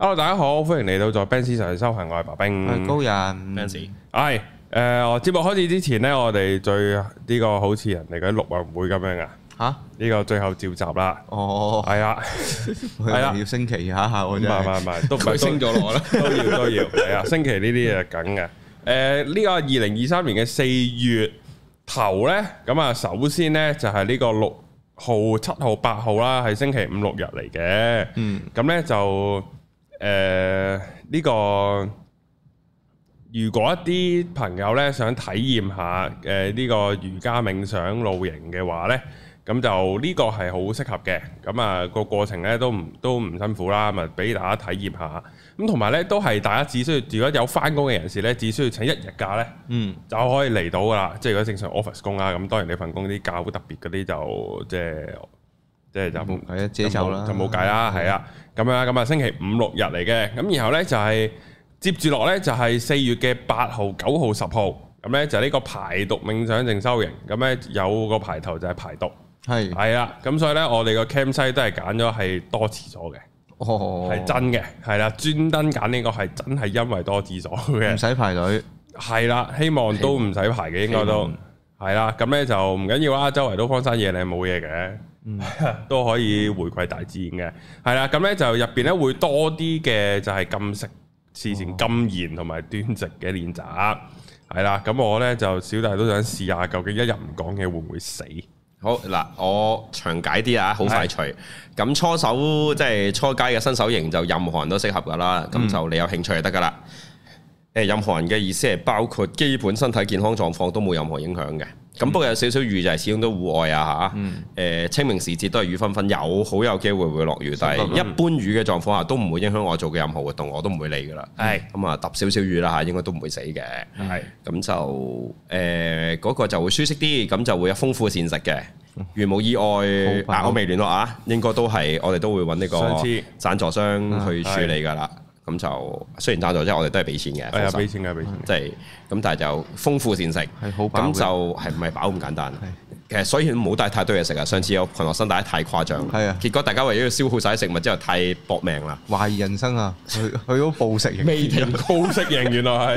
Hello 大家好，歡迎嚟到 Benz, 在 Benz 上修行，我係白兵，高人 Ben Sir，係誒，我節目開始之前呢，我哋最呢、這個好似人哋嘅陸運會咁樣噶，吓呢、啊、個最後召集啦，哦，係啊、哎呀，係啊，哎、呀要升旗下下，唔係唔係，都唔係升咗落啦，都要都要，係啊， 升旗呢啲嘢梗嘅，誒、呃，呢、這個二零二三年嘅四月頭咧，咁啊，首先咧就係呢個六號、七號、八號啦，係星期五六日嚟嘅，嗯,嗯，咁咧就。誒呢、呃呢個如果一啲朋友咧想體驗下誒呢、呃呢個瑜伽冥想露營嘅話咧，咁就呢個係好適合嘅。咁、咁、啊個過程咧都唔都唔辛苦啦，咪俾大家體驗下。咁同埋咧都係大家只需要，如果有翻工嘅人士咧，只需要請一日假咧，嗯就可以嚟到噶啦。即係如果正常 office 工啦，咁當然你份工啲假好特別嗰啲就即係。就係即係就係啊，即係就就冇計啦，係啊，咁樣咁啊，星期五六日嚟嘅。咁然後咧就係接住落咧就係四月嘅八號、九號、十號，咁咧就呢個排毒冥想淨修營，咁咧有個排頭就係排毒，係係啦，咁所以咧我哋、哦、個 camp site 都係揀咗係多廁所嘅，係真嘅，係啦，專登揀呢個係真係因為多廁所嘅，唔使排隊，係啦，希望都唔使排嘅，應該都係啦，咁咧就唔緊要啦，周圍都荒山野嶺冇嘢嘅。 都可以回饋大自然嘅，係啦，咁咧就入邊咧會多啲嘅就係禁食、事前、禁言同埋端直嘅練習，係啦，咁我咧就小弟都想試下，究竟一日唔講嘢會唔會死？好嗱，我詳解啲啊，好快除。咁的初手即係、就是、初階嘅新手型就任何人都適合噶啦，咁、嗯、就你有興趣就得噶啦。誒，任何人嘅意思係包括基本身體健康狀況都冇任何影響嘅。咁不過有少少雨就係，始終都戶外啊嚇。誒、嗯呃、清明時節都係雨紛紛有，有好有機會會落雨，但係一般雨嘅狀況下都唔會影響我做嘅任何活動，我都唔會理噶啦。係咁啊，揼少少雨啦嚇，應該都唔會死嘅。係咁就誒嗰、呃那個就會舒適啲，咁就會有豐富膳食嘅。如無意外，嗱、嗯、我未聯絡啊，應該都係我哋都會揾呢個贊助商去處理噶啦。嗯嗯嗯咁就雖然賺咗，即係我哋都係俾錢嘅，係俾錢嘅俾錢即係咁，但係、啊、就豐富膳食，係好飽，咁就係唔係飽咁簡單。是其實所以唔好帶太多嘢食啊！上次有群學生帶得太誇張，係啊，結果大家為咗要消耗晒啲食物之後，太搏命啦，懷疑人生啊！去佢好暴食未 停暴食型，原來係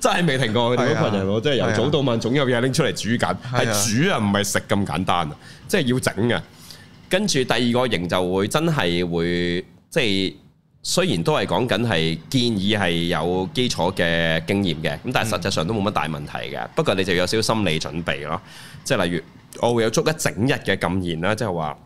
真係未停過。嗰群人我真係由早到晚總有嘢拎出嚟煮緊，係煮啊，唔係食咁簡單，即、就、係、是、要整嘅。跟住第二個營就會真係會即係。雖然都係講緊係建議係有基礎嘅經驗嘅，咁但係實際上都冇乜大問題嘅。不過你就有少少心理準備咯。即係例如我會有足一整日嘅禁言啦，即係話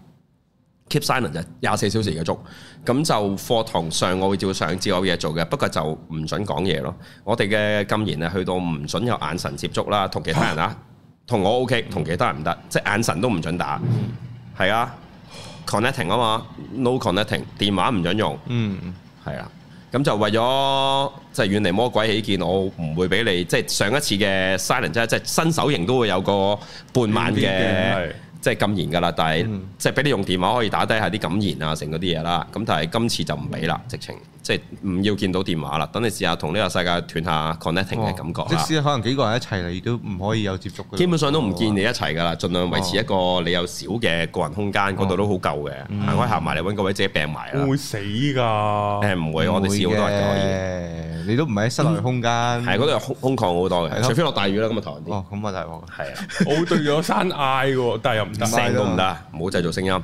keep silent 就廿四小時嘅足。咁就課堂上我會照上，照有嘢做嘅。不過就唔準講嘢咯。我哋嘅禁言係，去到唔準有眼神接觸啦，同其他人啊，同 我 OK，同其他人唔得，即係眼神都唔準打。嗯，係啊。Connecting 啊嘛，no connecting，電話唔准用，嗯，係啊。咁就為咗即係遠離魔鬼起見，我唔會俾你即係、就是、上一次嘅 silent 即係新手型都會有個半晚嘅。DVD, 即係禁言㗎啦，但係即係俾你用電話可以打低下啲感言啊，成嗰啲嘢啦。咁但係今次就唔俾啦，直情即係唔要見到電話啦。等你試下同呢個世界斷下 connecting 嘅感覺。即使可能幾個人一齊，你都唔可以有接觸。基本上都唔見你一齊㗎啦，儘量維持一個你有少嘅個人空間，嗰度都好夠嘅。行開行埋嚟揾個位自己病埋啦。會死㗎，誒唔會，我哋試好多嘅。你都唔喺室內空間，係嗰度空空曠好多嘅，除非落大雨啦，今日台啲。哦，今大王，係啊，我對咗山嗌㗎，但係又唔～聲都唔得，唔好製造聲音。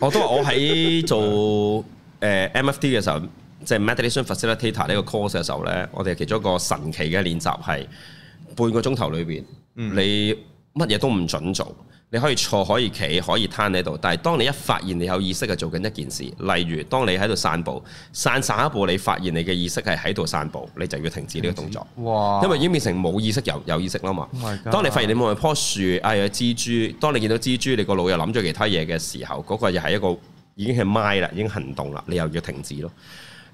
我都話我喺做誒 MFT 嘅時候，即係 Meditation Facilitator 呢個 course 嘅時候咧，我哋其中一個神奇嘅練習係半個鐘頭裏邊，你乜嘢都唔準做。你可以坐，可以企，可以攤喺度，但係當你一發現你有意識係做緊一件事，例如當你喺度散步，散散一步，你發現你嘅意識係喺度散步，你就要停止呢個動作。因為已經變成冇意識有意識啦嘛。啊、當你發現你望住棵樹，哎、啊、呀蜘蛛，當你見到蜘蛛，你個腦又諗咗其他嘢嘅時候，嗰、那個又係一個已經係咪啦，已經行動啦，你又要停止咯。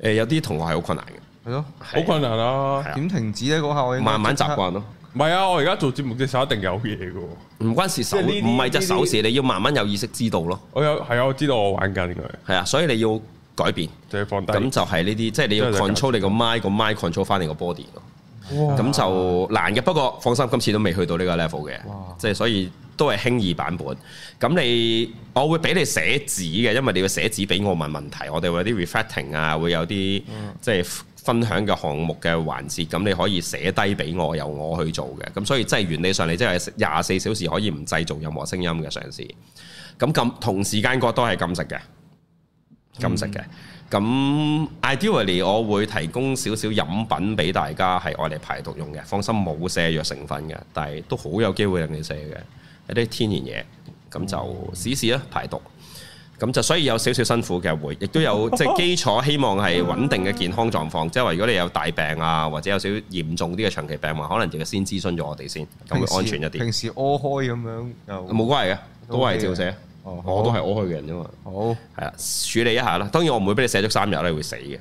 誒，有啲同學係好困難嘅，係咯了，好困難啊！點的停止呢？嗰下慢慢習慣咯。唔係啊！我而家做節目嘅時候一定有嘢嘅喎，唔關事，手，唔係隻手事，你要慢慢有意識知道咯。我有係啊，我知道我玩緊佢係啊，所以你要改變，放低，咁就係呢啲，即係你要 control 你個 mind 個 mind control 翻你個 body 咯。咁哇就難嘅，不過放心，今次都未去到呢個 level 嘅，即係哇所以都係輕易版本。咁你我會俾你寫紙嘅，因為你要寫紙俾我問問題，我哋會有啲 reflecting 啊，會有啲即係。嗯分享嘅項目嘅環節，咁你可以寫低俾我，由我去做嘅。咁所以即係原理上你即係廿四小時可以唔製造任何聲音嘅嘗試。咁咁同時間嗰都係禁食嘅，禁食嘅。咁、嗯、ideally 我會提供少少飲品俾大家，係愛嚟排毒用嘅，放心冇瀉藥成分嘅，但係都好有機會令你瀉嘅一啲天然嘢。咁就試試啦，排毒。咁就所以有少少辛苦嘅，會亦都有即係基礎，希望係穩定嘅健康狀況。即係話如果你有大病啊，或者有少少嚴重啲嘅長期病患，可能就要先諮詢咗我哋先，咁會安全一啲。平時屙開咁樣冇關係嘅，都係照寫。哦，我都係屙開嘅人啫嘛。好，係啊，處理一下啦。當然我唔會俾你寫足三日你會死嘅。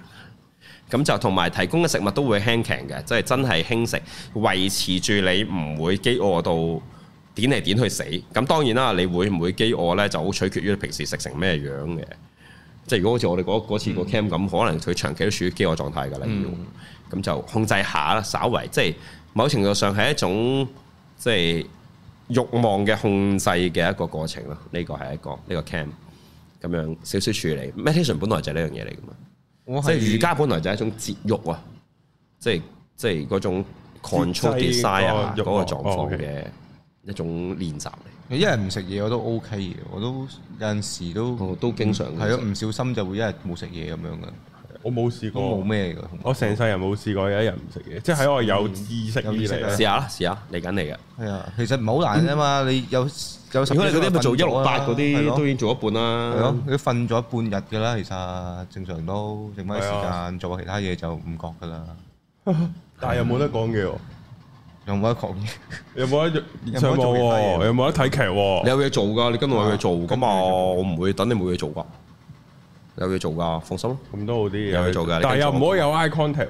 咁就同埋提供嘅食物都會輕輕嘅，即係真係輕食，維持住你唔會飢餓到。點嚟點去死？咁當然啦，你會唔會飢餓咧？就好取決於你平時食成咩樣嘅。即係如果好似我哋嗰次個 cam 咁，嗯、可能佢長期都處於飢餓狀態嘅啦，要咁、嗯、就控制下啦，稍微即係某程度上係一種即係慾望嘅控制嘅一個過程咯。呢、這個係一個呢、這個 cam 咁樣少少處理。meditation、嗯、本來就係呢樣嘢嚟㗎嘛，是即係瑜伽本來就係一種節慾啊，是即係即係嗰種 control desire 嗰望個狀況嘅。哦 okay. 一種練習嚟，一日唔食嘢我都 OK 嘅，我都有陣時都都經常嘅。係咯，唔小心就會一日冇食嘢咁樣嘅。我冇試過，我冇咩嘅。我成世人冇試過有一日唔食嘢，即係喺我有知識嘅試下啦，試下嚟緊嚟嘅。係啊，其實唔係好難啫嘛。你有有十，如果你嗰啲做一六八嗰啲，都已經做一半啦。係咯，你瞓咗半日嘅啦，其實正常都剩翻啲時間做下其他嘢就唔覺㗎啦。但係又冇得講嘅喎。有冇得講嘢？有冇得？有冇？有冇得睇劇？你有嘢做噶，你今日有嘢做，咁啊，我唔會等你冇嘢做噶。有嘢做噶，放心咯。咁都好啲。有嘢做噶，但係又唔可以有 eye contact。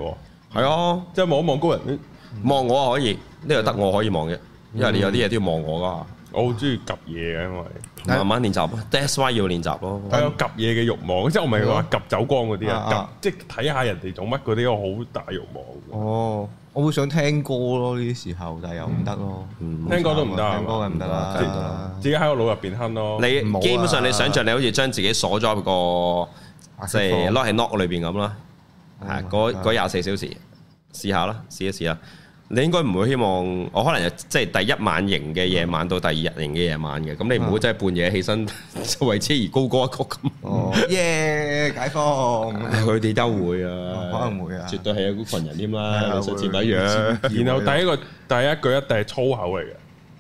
係啊，即係望一望高人。望我啊，可以呢度得我可以望嘅，因為你有啲嘢都要望我噶。我好中意夾嘢嘅，因為慢慢練習。That's why 要練習咯。有夾嘢嘅欲望，即係我唔係話夾走光嗰啲啊，夾即係睇下人哋做乜嗰啲，我好大欲望。哦。我會想聽歌咯，呢啲時候，但係又唔得咯，嗯、聽歌都唔得，聽歌梗唔得啦，啊、自己喺個腦入邊哼咯。你基本上你想象你好似將自己鎖咗、那個、說一個即係 lock 喺 lock 裏邊咁啦，係嗰廿四小時試下啦，試一試啦。試你應該唔會希望，我可能就即係第一晚營嘅夜晚到第二日營嘅夜晚嘅，咁你唔會真係半夜起身就、啊、 為之而高歌一曲咁。耶！解放、啊哎，佢哋都會啊，可能會啊，絕對係有一羣人添、啊、啦，啊、上次咪樣。然後第一個 第一句一定係粗口嚟嘅。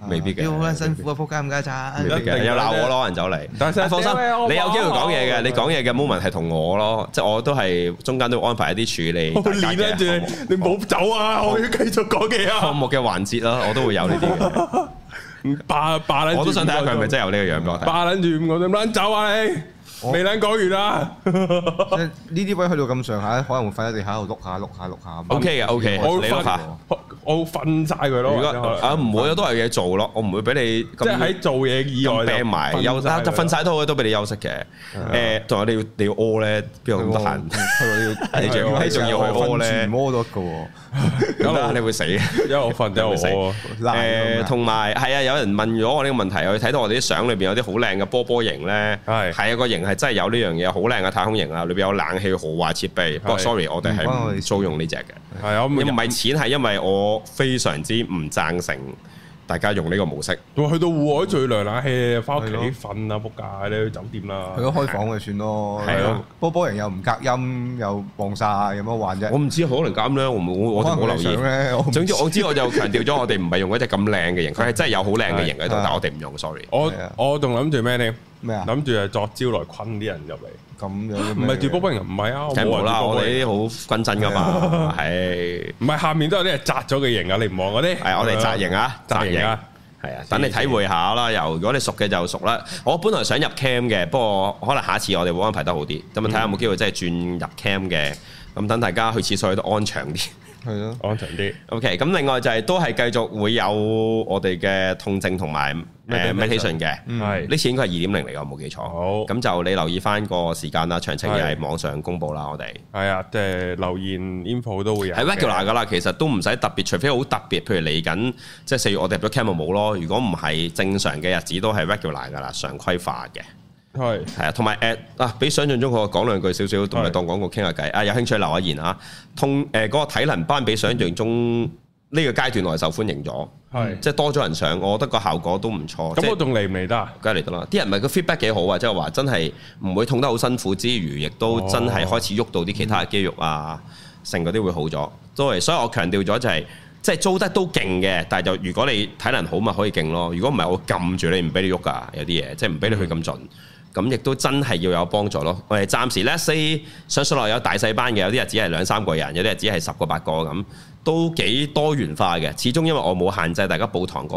未必嘅，要好辛苦啊！仆街唔家咋？又鬧我攞人走嚟。但係放心，你有機會講嘢嘅，你講嘢嘅 moment 係同我咯，即係我都係中間都安排一啲處理。我黏喺住你，你唔好走啊！我要繼續講嘅啊！項目嘅環節啦，我都會有呢啲嘅。霸霸捻，我都想睇下佢係咪真係有呢個樣。霸捻住我哋唔捻走啊！你。未能講完啦，即係呢啲位去到咁上下，可能會瞓喺地下度碌下碌下碌下。O K 噶 O K，你碌下，我瞓晒佢咯。如果唔會，都係嘢做咯，我唔會俾你。即係喺做嘢以外病埋，休晒就瞓晒，都都俾你休息嘅。誒，同你要屙咧，邊度咁得閒？你仲要仲要去屙咧？魔得噶，咁啊你會死嘅，因為我瞓就會死。誒，同埋係啊，有人問咗我呢個問題，我睇到我哋啲相裏邊有啲好靚嘅波波型咧，係係一個型。係真係有呢樣嘢，好靚嘅太空營啊！裏邊有冷氣、豪華設備。不過 sorry，我哋係唔租用呢隻嘅。係呀，唔係錢，係因為我非常之唔贊成大家用呢個模式。去到戶外最涼冷氣，翻屋企瞓啊仆街，你去酒店啦，去開房就算咯。係咯，波波營又唔隔音又傍晒，有乜玩啫？我唔知，可能咁啦。我我我冇留意。總之我知，我就強調咗，我哋唔係用一隻咁靚嘅營，佢係真係有好靚嘅營喺度，但我哋唔用。sorry。我我仲諗住咩呢？咩啊？諗住係作招來昆啲人入嚟，咁樣唔係住波波營，唔係啊！啦，我哋啲好均真㗎嘛，係 是。唔係下面都有啲係紮咗嘅營 啊！你唔望嗰啲？係我哋紮營啊，扎營啊，係營啊！等你體會下啦。又如果你熟嘅就熟啦。我本來想入 cam 嘅，不過可能下一次我哋會安排得好啲，咁啊睇下有冇機會真係轉入 cam 嘅。咁等大家去廁所都安詳啲。係咯，安全啲。OK，咁另外就係、是、都係繼續會有我哋嘅痛症同埋誒，meditation 嘅，係呢次應該係二點零嚟噶，我冇記錯。好，咁就你留意翻個時間啦，詳情亦係網上公布啦。我哋係啊，誒留言 email 都會有喺 regular 噶啦。其實都唔使特別，除非好特別，譬如嚟緊即係四月我哋入咗 camp 冇咯。如果唔係正常嘅日子都係 regular 噶啦，常規化嘅。係，啊，同埋誒啊，比想象中好，講兩句少少，同你的當廣告傾下偈。的啊，有興趣留下言嚇、啊。痛誒嗰、呃那個體能班比想象中呢個階段內受歡迎咗，係的，即係多咗人上，我覺得個效果都唔錯。咁、嗯、是我仲嚟唔嚟得？梗係嚟得啦，啲人唔係個 feedback 幾好啊，即係話真係唔會痛得好辛苦之餘，亦都真係開始喐到啲其他肌肉啊，哦嗯、成嗰啲會好咗。都係，所以我強調咗就係、是，即係做得都勁嘅，但係就如果你體能好咪可以勁咯。如果唔係，我撳住你唔俾你喐㗎，有啲嘢即係唔俾你去咁盡。嗯。咁亦都真係要有幫助咯。我哋暫時 let's say 上上落有大細班嘅，有啲日子係兩三個人，有啲日子係十個八個咁，都幾多元化嘅。始終因為我冇限制大家報堂個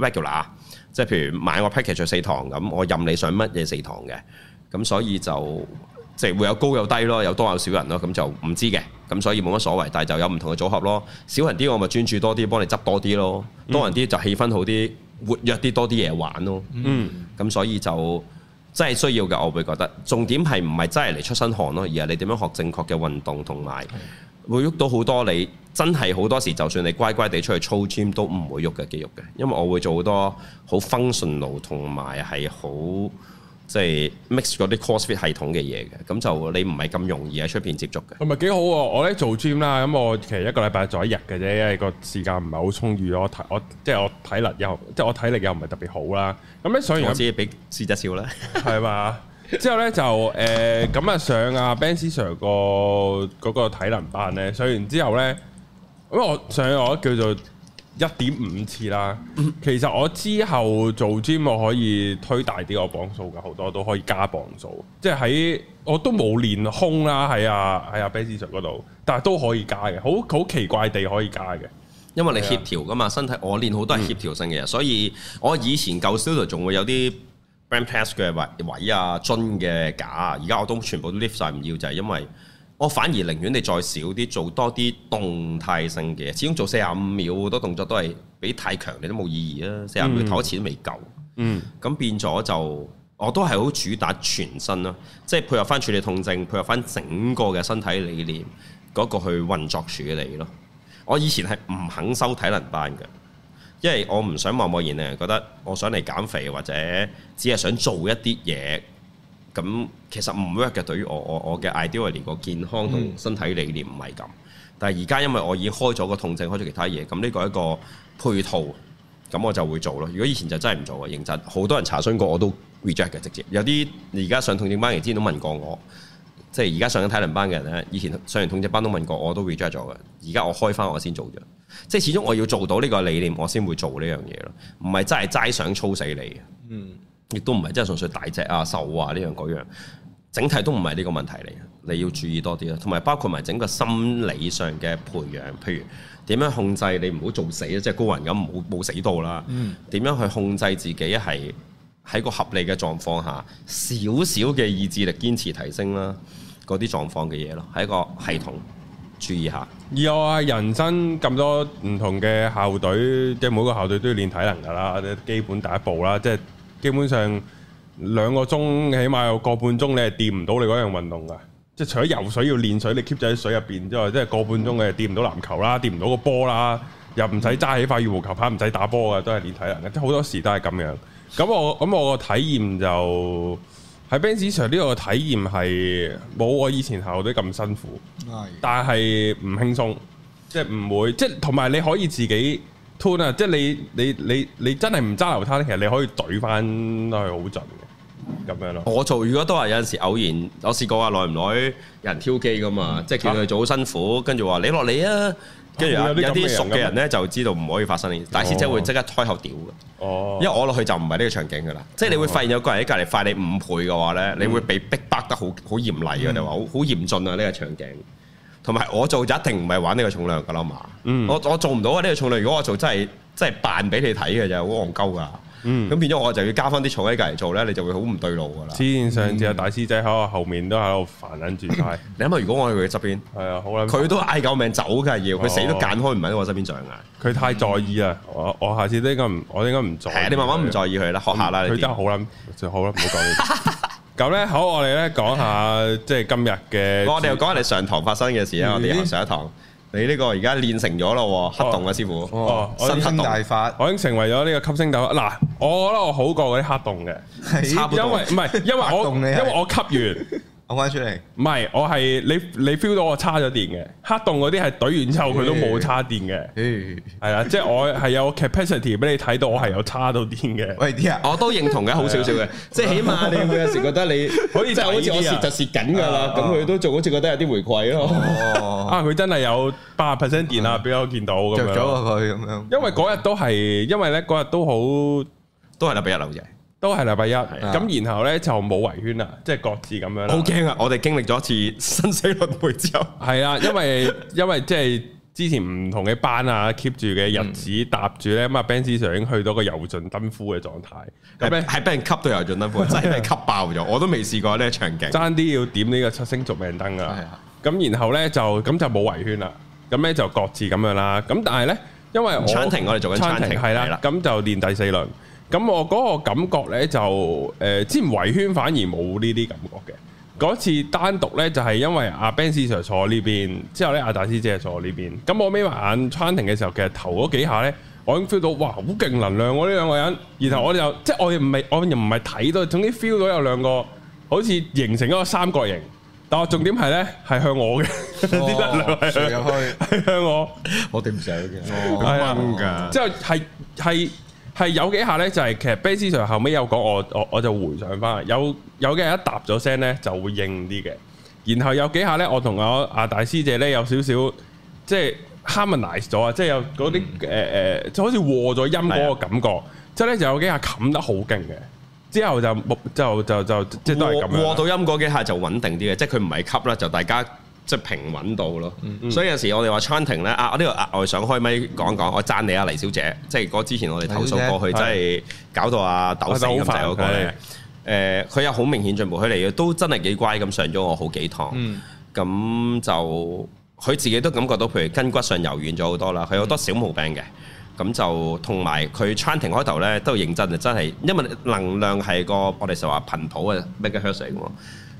regular，、嗯、即係譬如買個 package 去四堂咁，我任你上乜嘢四堂嘅。咁所以就即係、就是、會有高有低咯，有多有少人咯，咁就唔知嘅。咁所以冇乜所謂，但係就有唔同嘅組合咯。少人啲我咪專注多啲，幫你執多啲咯；多人啲就氣氛好啲，活躍啲多啲嘢玩咯。嗯，咁、嗯、所以就。真係需要嘅，我會覺得重點係唔係真係嚟出身汗咯，而係你點樣學正確嘅運動，同埋會喐到好多你真係好多時，就算你乖乖哋出去操 gym 都唔會喐嘅肌肉嘅，因為我會做好多好 functional，同埋係好。即係 mix 嗰啲 crossfit 系統嘅嘢嘅，咁就你唔係咁容易喺出邊接觸嘅。咁咪幾好？我咧做 gym 啦，咁我其實一個禮拜做一日嘅啫，因為個時間唔係好充裕咯。體我，我即係我體力又即係我體力又唔係特別好啦。咁咧上完我只係比資質少啦，係嘛吧？ 之後咧就誒咁、呃、啊上阿 Ben、C. Sir 個嗰個體能班咧，上完之後咧，咁我上我叫做。一點五次啦，其實我之後做 gym 我可以推大啲我磅數嘅，好多都可以加磅數。即係喺我都冇練胸啦，喺啊係啊，bench press 嗰度，但係都可以加嘅，好好奇怪地可以加嘅。因為你協調噶嘛，啊、身體我練好多係協調性嘅嘢，嗯、所以我以前舊 studio 仲會有啲 bench press 嘅位啊樽嘅架，而家我都全部都 lift 曬唔要，就係、是、因為。我反而寧願你再少啲，做多啲動態性嘅。始終做四十五秒好多動作都係比太強，你都冇意義啊！四十五秒頭一次都未夠。嗯，咁變咗就我都係好主打全身啦，即係配合翻處理痛症，配合翻整個嘅身體理念嗰個去運作處理咯。我以前係唔肯收體能班嘅，因為我唔想望我啲人覺得我想嚟減肥或者只係想做一啲嘢。咁、嗯、其實唔 work 嘅對於我我我嘅 idea 個健康同身體理念唔係咁，但係而家因為我已經開咗個痛症，開咗其他嘢，咁呢個一個配套，咁我就會做咯。如果以前就真係唔做嘅，認真好多人查詢過我都 reject 嘅直接。有啲而家上痛症班之前都問過我，即係而家上緊體能班嘅人咧，以前上完痛症班都問過我都 reject 咗嘅。而家我開翻我先做咗，即係始終我要做到呢個理念，我先會做呢樣嘢咯。唔係真係齋想操死你嗯。亦都唔係真係純粹大隻啊瘦啊呢樣嗰樣，整體都唔係呢個問題嚟嘅，你要注意多啲啦。同埋包括埋整個心理上嘅培養，譬如點樣控制你唔好做死啊，即係高人咁冇冇死到啦。嗯、點樣去控制自己係喺個合理嘅狀況下，少少嘅意志力堅持提升啦，嗰啲狀況嘅嘢咯，係一個系統注意下。而我係人生咁多唔同嘅校隊，即係每個校隊都要練體能㗎啦，基本第一步啦，即係。基本上兩個鐘，起碼有個半鐘，你係掂唔到你嗰樣運動噶。即係除咗游水要練水，你 keep 咗喺水入邊之外，即係個半鐘，你係掂唔到籃球啦，掂唔到個波啦，又唔使揸起塊羽毛球拍，唔使打波噶，都係練體能嘅。即係好多時都係咁樣。咁我，咁我體個體驗就喺 Benz 上呢個體驗係冇我以前校隊咁辛苦，的但係唔輕鬆，即係唔會，即係同埋你可以自己。即係你你你你真係唔揸流攤，其實你可以懟翻去好盡咁樣咯。我做如果都係有陣時偶然，我試過話，耐唔耐有人挑機㗎嘛？即係叫佢做好辛苦，跟住話你落嚟啊！跟住有啲熟嘅人咧，就知道唔可以發生呢件事，大師姐會即刻開口屌嘅，因為我落去就唔係呢個場景㗎啦。即係你會發現有個人喺隔離快你五倍嘅話咧，你會被逼得好好嚴厲嘅。你話好好嚴峻啊呢個場景。同埋我做就一定唔係玩呢個重量噶啦嘛，我我做唔到啊呢個重量。如果我做真係真係扮俾你睇嘅就好戇鳩噶。咁變咗我就要加翻啲重喺隔嚟做咧，你就會好唔對路噶啦。黐線，隻大師仔喺我後面都喺度煩撚住，係你諗下，如果我喺佢側邊，係啊好佢都嗌救命走㗎要，佢死都揀開唔喺我身邊做嘅。佢太在意啊，我下次都應該唔，我應該唔在意。係你慢慢唔在意佢啦，學下啦。佢真係好諗，好啦，唔好講咁咧，好，我哋咧講下即係今日嘅，我哋又講下你上堂發生嘅事啊！咦我哋又上一堂，你呢個而家練成咗咯，黑洞啊，哦、師傅哦，吸星大法，我已經成為咗呢個吸星大法。嗱，我我覺得我好過嗰啲黑洞嘅，的因為唔係，因為我 因為我吸完。 講翻出嚟，唔係，我係你，你 feel 到我差咗電嘅，黑洞嗰啲係懟完之後佢都冇差電嘅，係啦，即係我係有 capacity 俾你睇到，我係有差到電嘅。喂，啲我都認同嘅，好少少嘅，即係起碼你佢有時覺得你可以即係好似我蝕就蝕緊噶啦，咁佢都做好似覺得有啲回饋咯。啊，佢真係有八十 percent 電啊，俾我見到咁樣。咗佢咁樣，因為嗰日都係，因為咧嗰日都好都係禮拜日流嘅。都係禮拜一，咁然後呢就冇圍圈啦，即係各自咁樣好驚啊！我哋經歷咗一次生死輪迴之後，係啦，因為因為即係之前唔同嘅班啊，keep 住嘅日子搭住呢咁啊 Ben Sir 已經去到個油盡燈枯嘅狀態，係係俾人吸到油盡燈枯，真係吸爆咗，我都未試過呢場景，爭啲要點呢個七星續命燈噶，咁然後呢，就咁就冇圍圈啦，咁呢就各自咁樣啦，咁但係呢，因為餐廳我哋做緊餐廳係啦，咁就練第四輪。咁我嗰個感覺咧就誒，之前圍圈反而冇呢啲感覺嘅。嗰次單獨咧就係因為阿 Ben Sir 坐呢邊，之後咧阿大師姐坐呢邊。咁我眯埋眼 training 嘅時候，其實頭嗰幾下咧，我已經 feel 到哇，好勁能量喎呢兩個人。然後我哋又即係我哋唔係我哋唔係睇到，總之 feel 到有兩個好似形成一個三角形。但係重點係咧係向我嘅啲能量係向我，我頂唔順嘅，掹㗎。之後係係。係有幾下咧，就係、是、其實 Bass Sir 後尾有講我我我就回想返，有有幾下一答咗聲咧就會應啲嘅，然後有幾下咧，我同我阿大師姐咧有少少即係 harmonize 咗啊，即係有嗰啲誒誒，就好似和咗音嗰個感覺，之後咧就有幾下冚得好勁嘅，之後就就就就，就，就即係都係噉和，和到音嗰幾下就穩定啲嘅，即係佢唔係吸啦，就大家。即係平穩到咯，嗯、所以有時我哋話 chanting 咧啊，我呢個額外想開咪講一講，我讚你啊黎小姐，即係嗰之前我哋投訴過去真係搞到阿抖手。咁咧、嗯，誒佢有好明顯進步，佢嚟嘅都真係幾乖咁上咗我好幾堂，咁、嗯、就佢自己都感覺到，譬如筋骨上柔軟咗好多啦，佢有好多小毛病嘅，咁、嗯嗯、就同埋佢 chanting 開頭咧都認真真係，因為能量係個我哋成日話頻譜嘅 megahertz 嚟嘅。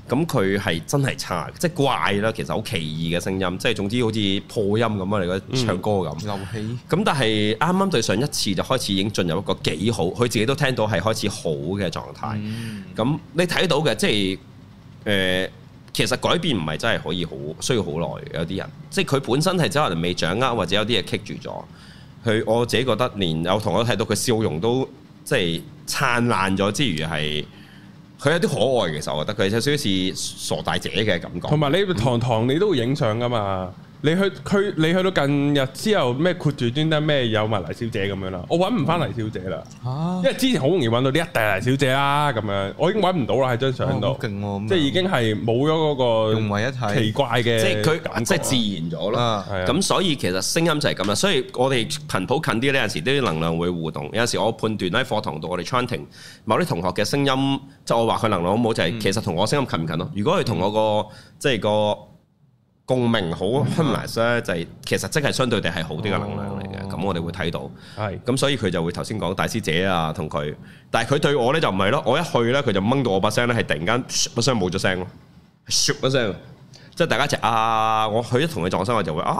咁佢係真係差，即係怪啦。其實好奇異嘅聲音，即係總之好似破音咁啊！你覺得、嗯、唱歌咁，咁氣但係啱啱對上一次就開始已經進入一個幾好，佢自己都聽到係開始好嘅狀態。咁、嗯、你睇到嘅即係誒、呃，其實改變唔係真係可以好，需要好耐。有啲人即係佢本身係真係未掌握，或者有啲嘢棘住咗。佢我自己覺得，連有同學睇到佢笑容都即係燦爛咗之餘係。佢有啲可愛其實，我覺得佢有少少似傻大姐嘅感覺。同埋你堂堂你都會影相㗎嘛？你去佢，你去到近日之後，咩括住端得咩有埋黎小姐咁樣啦，我揾唔翻黎小姐啦，啊、因為之前好容易揾到呢一大黎小姐啦咁樣，我已經揾唔到啦喺張相度，就是哦啊、即係已經係冇咗嗰個奇怪嘅，即係佢即係自然咗咯。咁、啊啊、所以其實聲音就係咁啦，所以我哋頻譜近啲呢有陣時啲能量會互動，有陣時我判斷喺課堂度我哋 chanting 某啲同學嘅聲音，即、就、係、是、我話佢能量好唔好，就係、是、其實同我聲音近唔近咯。如果佢同我個即係個。共鳴好 humorous 咧，就係、oh, right. 其實即係相對地係好啲嘅能量嚟嘅。咁、oh, 我哋會睇到，係咁、oh, 所以佢就會頭先講大師姐啊，同佢，但係佢對我咧就唔係咯。我一去咧，佢就掹到我把聲咧，係突然間把聲冇咗聲咯 s h 把聲，即、就、係、是、大家一齊啊！我佢一同佢撞身，我就會啊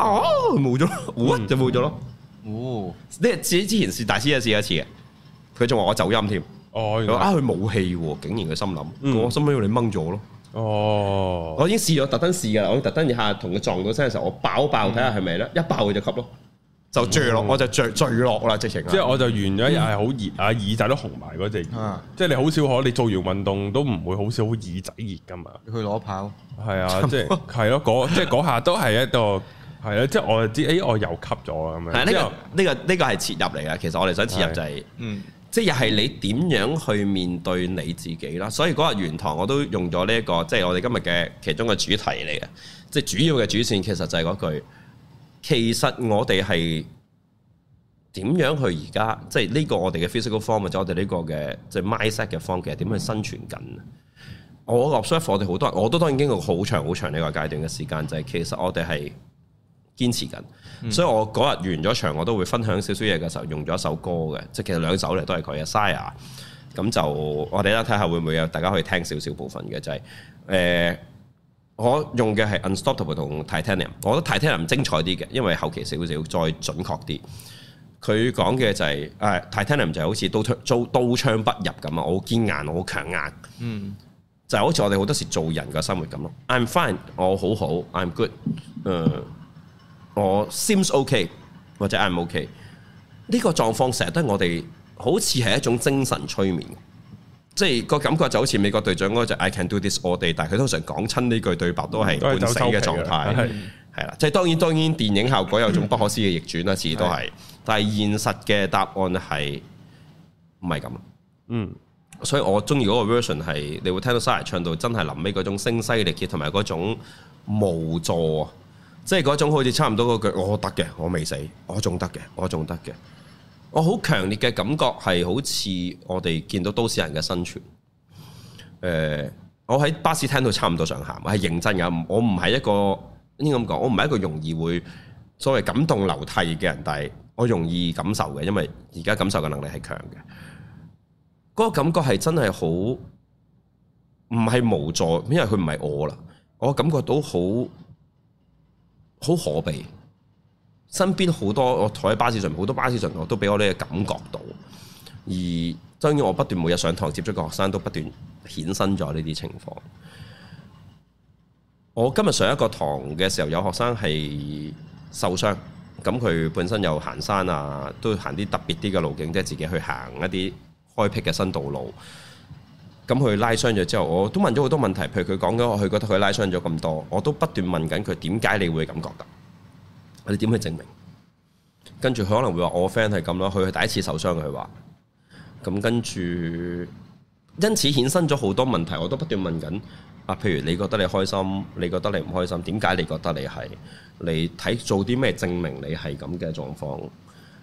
冇咗，哦就冇咗咯，哦呢日自己之前試大師姐試一次嘅，佢仲話我走音添，哦、oh, 啊佢冇氣喎，竟然佢心諗我心諗要你掹咗咯。Mm. 哦，我已經試咗，特登試噶啦，我特登一下同佢撞到聲嘅時候，我爆爆睇下係咪咧，一爆佢、嗯、就吸咯，就墜落，嗯、我就墜墜落啦，直情。嗯、即係我就完咗，又係好熱啊，耳仔都紅埋嗰隻。即係、嗯、你好少可，你做完運動都唔會好少會耳仔熱噶嘛。去攞跑、啊。係啊，就是、 啊即係係咯，嗰即係下都係一個係啊！即係我就知，哎，我又吸咗啊咁樣。係呢、這個呢後個呢個係切入嚟噶，其實我哋想切入就係、是、嗯。即係又係你點樣去面對你自己啦，所以嗰日圓堂我都用咗呢一個，即係我哋今日嘅其中嘅主題嚟嘅，即係主要嘅主線其實就係嗰句，其實我哋係點樣去而家，即係呢個我哋嘅 physical form，或者我哋呢個嘅即係、就是、mindset 嘅 form，其實點去生存緊？我 observe 我哋好多人，我都當然經過好長好長呢個階段嘅時間，就係、是、其實我哋係。堅持緊，嗯、所以我嗰日完咗場，我都會分享少少嘢嘅時候，用咗一首歌嘅，即係其實兩首嚟都係佢嘅《Sia》。咁就我哋咧睇下會唔會有大家可以聽少少部分嘅，就係、是、誒、呃、我用嘅係《Unstoppable》同《Titanium》，我覺得《Titanium》精彩啲嘅，因為後期少少再準確啲。佢講嘅就係、是、誒《Titanium、呃》Titanium 就好似刀槍刀槍不入咁啊！我好堅硬，我好強硬，嗯，就好似我哋好多時做人嘅生活咁咯。I'm fine，我、哦、好好。I'm good，誒、呃。我 seems okay 或者 I'm okay 呢個狀況成日都係我哋好似係一種精神催眠，即係個感覺就好似美國隊長嗰隻 I can do this all day，我哋但係佢通常講親呢句對白都係半死嘅狀態係啦，即係當然當然電影效果有種不可思議嘅逆轉啦，至都係，但係現實嘅答案係唔係咁嗯，所以我中意嗰個 version 係你會聽到沙溢、嗯、唱到真係臨尾嗰種聲嘶力竭同埋嗰種無助啊！即係嗰種好似差唔多嗰句，我得嘅，我未死，我仲得嘅，我仲得嘅。我好強烈嘅感覺係好似我哋見到都市人嘅生存。誒，我喺巴士聽到差唔多上下，我係認真㗎。我唔係一個應該咁講，我唔係一個容易會所謂感動流涕嘅人，但係我容易感受嘅，因為而家感受嘅能力係強嘅。嗰個感覺係真係好，唔係無助，因為佢唔係我啦，我感覺到好。好可悲，身邊好多我坐喺巴士上面，好多巴士上面我都俾我呢個感覺到。而當然，我不斷每日上堂接觸嘅學生，都不斷衍生咗呢啲情況。我今日上一個堂嘅時候，有學生係受傷，咁佢本身又行山啊，都行啲特別啲嘅路徑，即係自己去行一啲開闢嘅新道路。咁佢拉傷咗之後，我都問咗好多問題，譬如佢講緊，佢覺得佢拉傷咗咁多，我都不斷問緊佢點解你會感覺，我哋點去證明？跟住佢可能會話：我 friend 係咁咯，佢係第一次受傷，佢話咁跟住，因此衍生咗好多問題，我都不斷問緊啊。譬如你覺得你開心，你覺得你唔開心，點解你覺得你係？你睇做啲咩證明你係咁嘅狀況？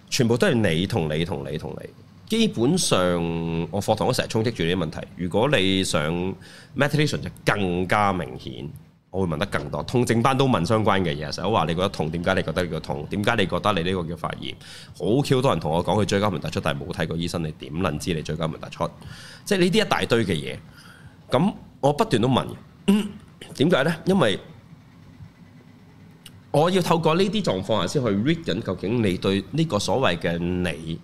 全部都係你同你同你同你。你你你你你。基本上，我課堂我成日衝擊住呢啲問題。如果你上 meditation 就更加明顯，我會問得更多。痛症班都問相關嘅嘢，成日話你覺得痛，點解你覺得呢個痛？點解你覺得你呢個叫發炎？好 Q 多人同我講佢椎間盤突出，但係冇睇過醫生，你點能知你椎間盤突出？即係呢啲一大堆嘅嘢，咁我不斷都問，點解呢？因為我要透過呢啲狀況啊，先去 read 緊究竟你對呢個所謂嘅你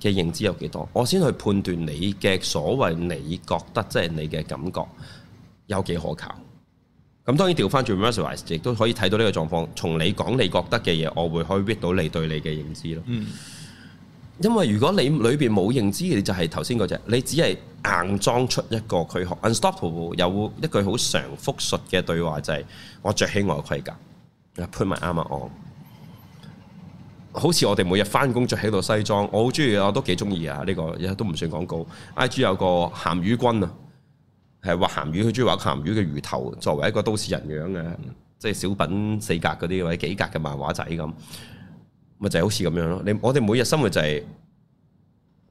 嘅認知有幾多，我先去判斷你嘅所謂你覺得即係、就是、你嘅感覺有幾可靠。咁當然調翻轉 emphasize，亦都可以睇到呢個狀況。從你講你覺得嘅嘢，我會可以 read 到你對你嘅認知咯。嗯、因為如果你裏邊冇認知，你就係頭先嗰隻，你只係硬裝出一個佢學 unstoppable。Un 有一句好常復述嘅對話就係、是：我着起我嘅盔甲，I put my armour on 好似我哋每日翻工着喺度西裝，我好中意我都幾中意啊！呢、這個都唔算廣告。I G 有個鹹魚君啊，係畫鹹魚，佢中意畫鹹魚嘅魚頭，作為一個都市人樣嘅，嗯、即係小品四格嗰啲或者幾格嘅漫畫仔咁，咪就係、好似咁樣咯。你我哋每日生活就係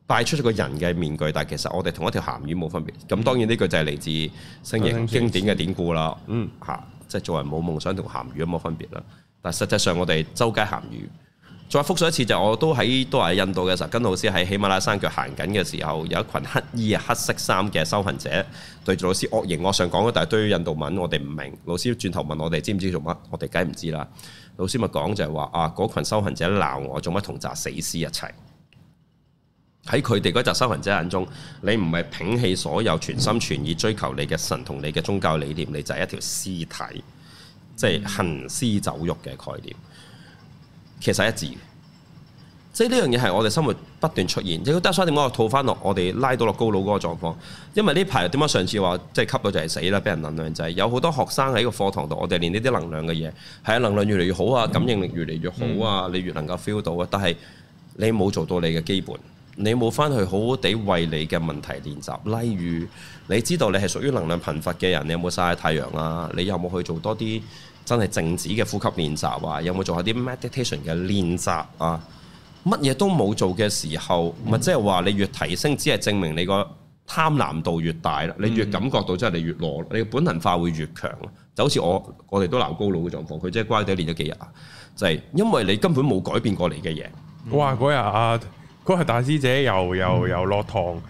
擺出咗個人嘅面具，但係其實我哋同一條鹹魚冇分別。咁、嗯、當然呢句就係嚟自《星爺經典》嘅典故啦。嗯，吓，即係做人冇夢想同鹹魚有冇分別啦。但係實際上我哋周街鹹魚。再復述一次就，我都喺都係喺印度嘅時候，跟老師喺喜馬拉雅山腳行緊嘅時候，有一群黑衣啊、黑色衫嘅修行者對住老師惡形惡相講咗，但係對印度文我哋唔明，老師轉頭問我哋知唔知做乜？我哋梗唔知啦。老師咪講就係、是、話啊，嗰羣修行者鬧我做乜同砸死屍一齊？喺佢哋嗰集修行者眼中，你唔係摒棄所有全心全意追求你嘅神同你嘅宗教理念，你就係一條屍體，即、就、係、是、行屍走肉嘅概念。其實一致即係呢樣嘢係我哋生活不斷出現。如果得翻點我套翻落我哋拉到落高佬嗰個狀況，因為呢排點解上次話即係吸到就係死啦，俾人能量就係有好多學生喺個課堂度，我哋練呢啲能量嘅嘢，係啊，能量越嚟越好啊，感應力越嚟越好啊，嗯、你越能夠 feel 到啊。但係你冇做到你嘅基本，你冇翻去好好地為你嘅問題練習。例如你知道你係屬於能量貧乏嘅人，你有冇曬太陽啊？你有冇去做多啲？真係靜止嘅呼吸練習啊！有冇做下啲 meditation 嘅練習啊？乜嘢都冇做嘅時候，咪、嗯、即係話你越提升，只係證明你個貪婪度越大啦。你越感覺到，即係你越攞，嗯、你嘅本能化會越強。就好似我我哋都鬧高佬嘅狀況，佢即係乖仔練咗幾日，啊，就係、是、因為你根本冇改變過嚟嘅嘢。嗯、哇！嗰日啊，嗰日大師姐又又又落堂，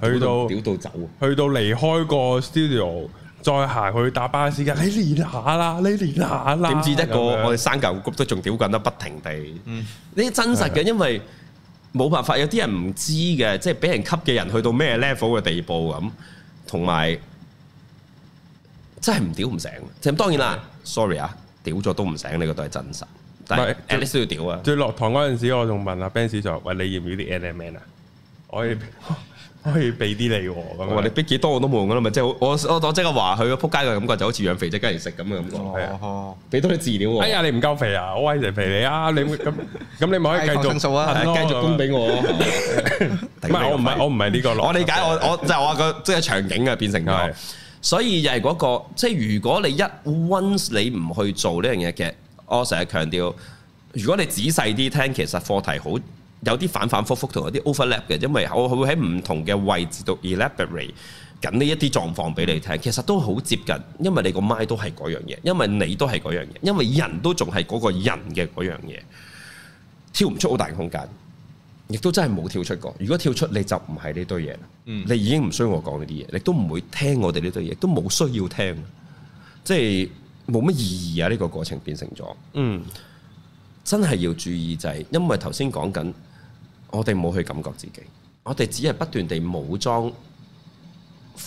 去到屌到走、啊，去到離開個 studio。再行去打巴士嘅，你練下啦，你練下啦。點知一個我哋山舊谷都仲屌緊得不停地。呢啲、嗯、真實嘅，因為冇辦法，有啲人唔知嘅，即係俾人吸嘅人去到咩 level 嘅地步咁，同埋真係唔屌唔醒。咁當然啦的，sorry 啊，屌咗都唔醒，呢個都係真實。但係 at least 要屌啊！最落堂嗰陣時，我仲問阿、啊、Ben Sir 話：喂，你要唔要啲 NMN 啊？我係。 可以俾啲你喎，我話你俾幾多我都冇用啦嘛，即係我我我即刻話佢個撲街嘅感覺就好似養肥隻雞嚟食咁嘅感覺，係俾多啲飼料，哎呀，你唔夠肥啊，我餵隻肥你啊，你咁咁你咪可以繼續增數啊，繼續供俾我。唔係我唔係我唔係呢個咯，我理解我我就話個即係場景啊變成咗，所以又係嗰個即係如果你一 once 你唔去做呢樣嘢嘅，我成日強調，如果你仔細啲聽，其實課題好。有啲反反覆覆同有啲 overlap 嘅，因為我會喺唔同嘅位置度 elaborate 緊呢一啲狀況俾你聽，其實都好接近，因為你個麥都係嗰樣嘢，因為你都係嗰樣嘢，因為人都仲係嗰個人嘅嗰樣嘢，跳唔出好大嘅空間，亦都真係冇跳出過。如果跳出，你就唔係呢堆嘢。你已經唔需要我講呢啲嘢，你都唔會聽我哋呢堆嘢，都冇需要聽，即係冇乜意義啊！呢個過程變成咗，嗯，真係要注意就係，因為頭先講緊。我哋冇去感覺自己，我哋只係不斷地武裝、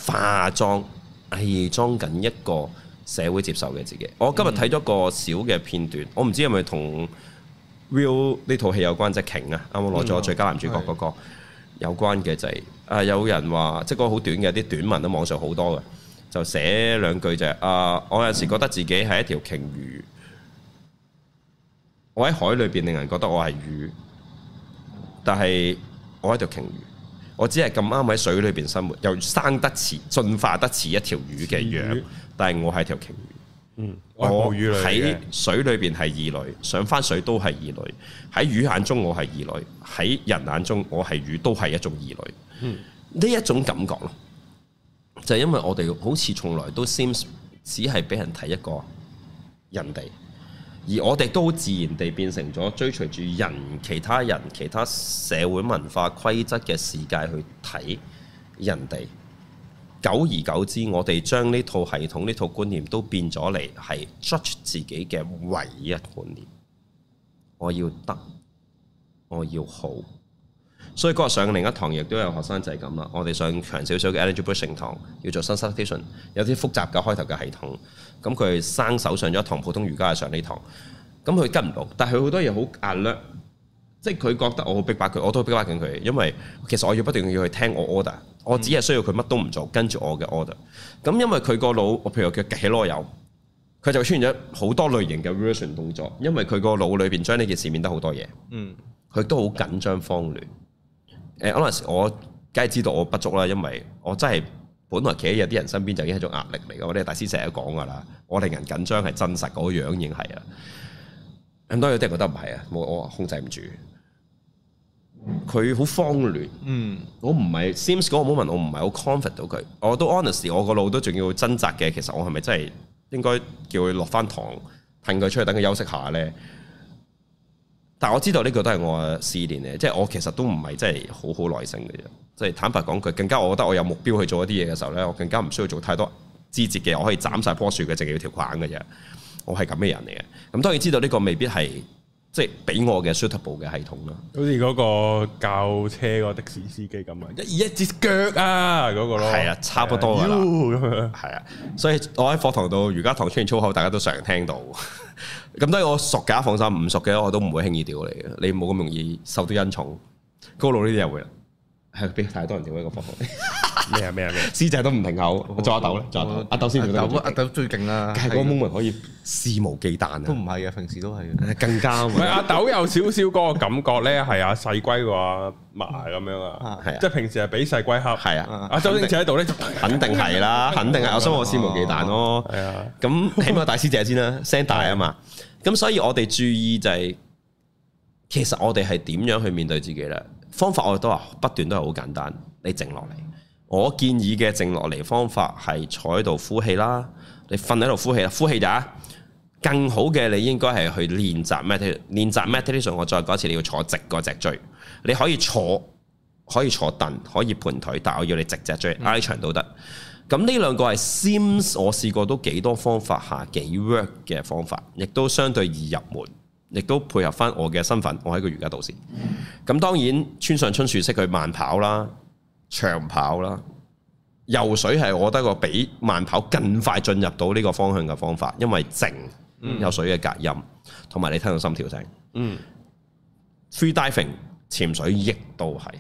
化妝、偽、哎、裝緊一個社會接受嘅自己。我今日睇咗個小嘅片段，我唔知係咪同 r e l l 呢套戲有關啫？鯨啊，啱啱攞咗最佳男主角嗰、那個、嗯、有關嘅就係、是、啊、呃，有人話即係個好短嘅啲短文都網上好多嘅，就寫兩句就係、是、啊、呃，我有時覺得自己係一條鯨魚，我喺海裏邊令人覺得我係魚。但係我係條鯨魚，我只係咁啱喺水裏邊生活，又生得似進化得似一條魚嘅樣，但係我係條鯨魚。是是魚嗯，我喺水裏邊係異類，上翻水都係異類。喺魚眼中我係異類，喺人眼中我係魚，都係一種異類。嗯，呢一種感覺咯，就係、是、因為我哋好似從來都 seems 只係俾人睇一個人哋。而我哋都自然地變成咗追隨住人、其他人、其他社會文化規則嘅世界去睇人哋。久而久之，我哋將呢套系統、呢套觀念都變咗嚟，係 judge 自己嘅唯一觀念。我要得，我要好。所以嗰日上另一堂亦都有學生就係咁啦。我哋上強少少嘅 energy boosting 堂，要做 sun salutation，有啲複雜嘅開頭嘅系統。咁佢生手上咗一堂普通瑜伽嘅上呢堂，咁佢跟唔到，但係佢好多嘢好壓力，即係佢覺得我好逼迫佢，我都逼迫緊佢。因為其實我要不斷要去聽我 order，我只係需要佢乜都唔做，跟住我嘅 order。咁因為佢個腦，我譬如佢起蘿柚，佢就出現咗好多類型嘅 version 動作，因為佢個腦裏邊將呢件事變得好多嘢。嗯，佢都好緊張慌亂。誒，honest，我梗係知道我不足啦，因為我真係本來企喺有啲人身邊就已經係種壓力嚟㗎。我哋大師成日都講㗎啦，我令人緊張係真實個樣，已經係啦。咁多有啲人覺得唔係啊，我我控制唔住，佢好慌亂。嗯，我唔係，seems 嗰個 moment 我唔係好 comfort 到佢。我都 honest，我個腦都仲要掙扎嘅。其實我係咪真係應該叫佢落翻堂，褪佢出去，等佢休息下咧？但我知道呢個都係我試煉嘅，即係我其實都唔係真係好好耐性嘅啫。即係坦白講句，更加我覺得我有目標去做一啲嘢嘅時候咧，我更加唔需要做太多枝節嘅，我可以斬晒棵樹嘅，淨要條框嘅啫。我係咁嘅人嚟嘅。咁當然知道呢個未必係。即係俾我嘅 suitable 嘅系統咯，好似嗰個教車個的，的士司機咁、yes, 啊，一二一隻腳啊嗰個咯，係啊，差不多啦，咁樣係啊，所以我喺課堂度，瑜伽堂出現粗口，大家都常聽到。咁都係我熟嘅，放心，唔熟嘅我都唔會輕易屌你嘅，你冇咁容易受到恩寵。高佬呢啲又會啦。係俾太多人用一個方法。咩啊咩啊咩啊！師姐都唔停口，我做阿豆咧？仲阿豆？阿豆先。阿豆阿豆最勁啦！梗係嗰個 moment 可以肆無忌憚啊！都唔係嘅，平時都係更加。阿豆有少少嗰個感覺咧，係阿細龜話埋咁樣啊，係啊，即係平時係比細龜黑。係啊，阿周星馳喺度咧，肯定係啦，肯定係阿蘇我肆無忌憚咯。係啊，咁起碼大師姐先啦，聲大啊嘛。咁所以我哋注意就係，其實我哋係點樣去面對自己咧？方法我哋都話不斷都係好簡單，你靜落嚟。我建議嘅靜落嚟方法係坐喺度呼氣啦，你瞓喺度呼氣啦，呼氣咋？更好嘅你應該係去練習咩？練習 meditation。我再講一次，你要坐直個脊椎。你可以坐，可以坐凳，可以盤腿，但係我要你直脊椎，挨長都得。咁呢兩個係 simms，我試過都幾多方法下幾 work 嘅方法，亦都相對易入門。亦都配合翻我嘅身份，我係一個瑜伽導師。咁、嗯、當然，村上春樹式去慢跑啦、長跑啦、游水係我覺得個比慢跑更快進入到呢個方向嘅方法，因為靜有水嘅隔音，同埋、嗯、你聽到心跳聲。嗯，freediving 潛水亦都係。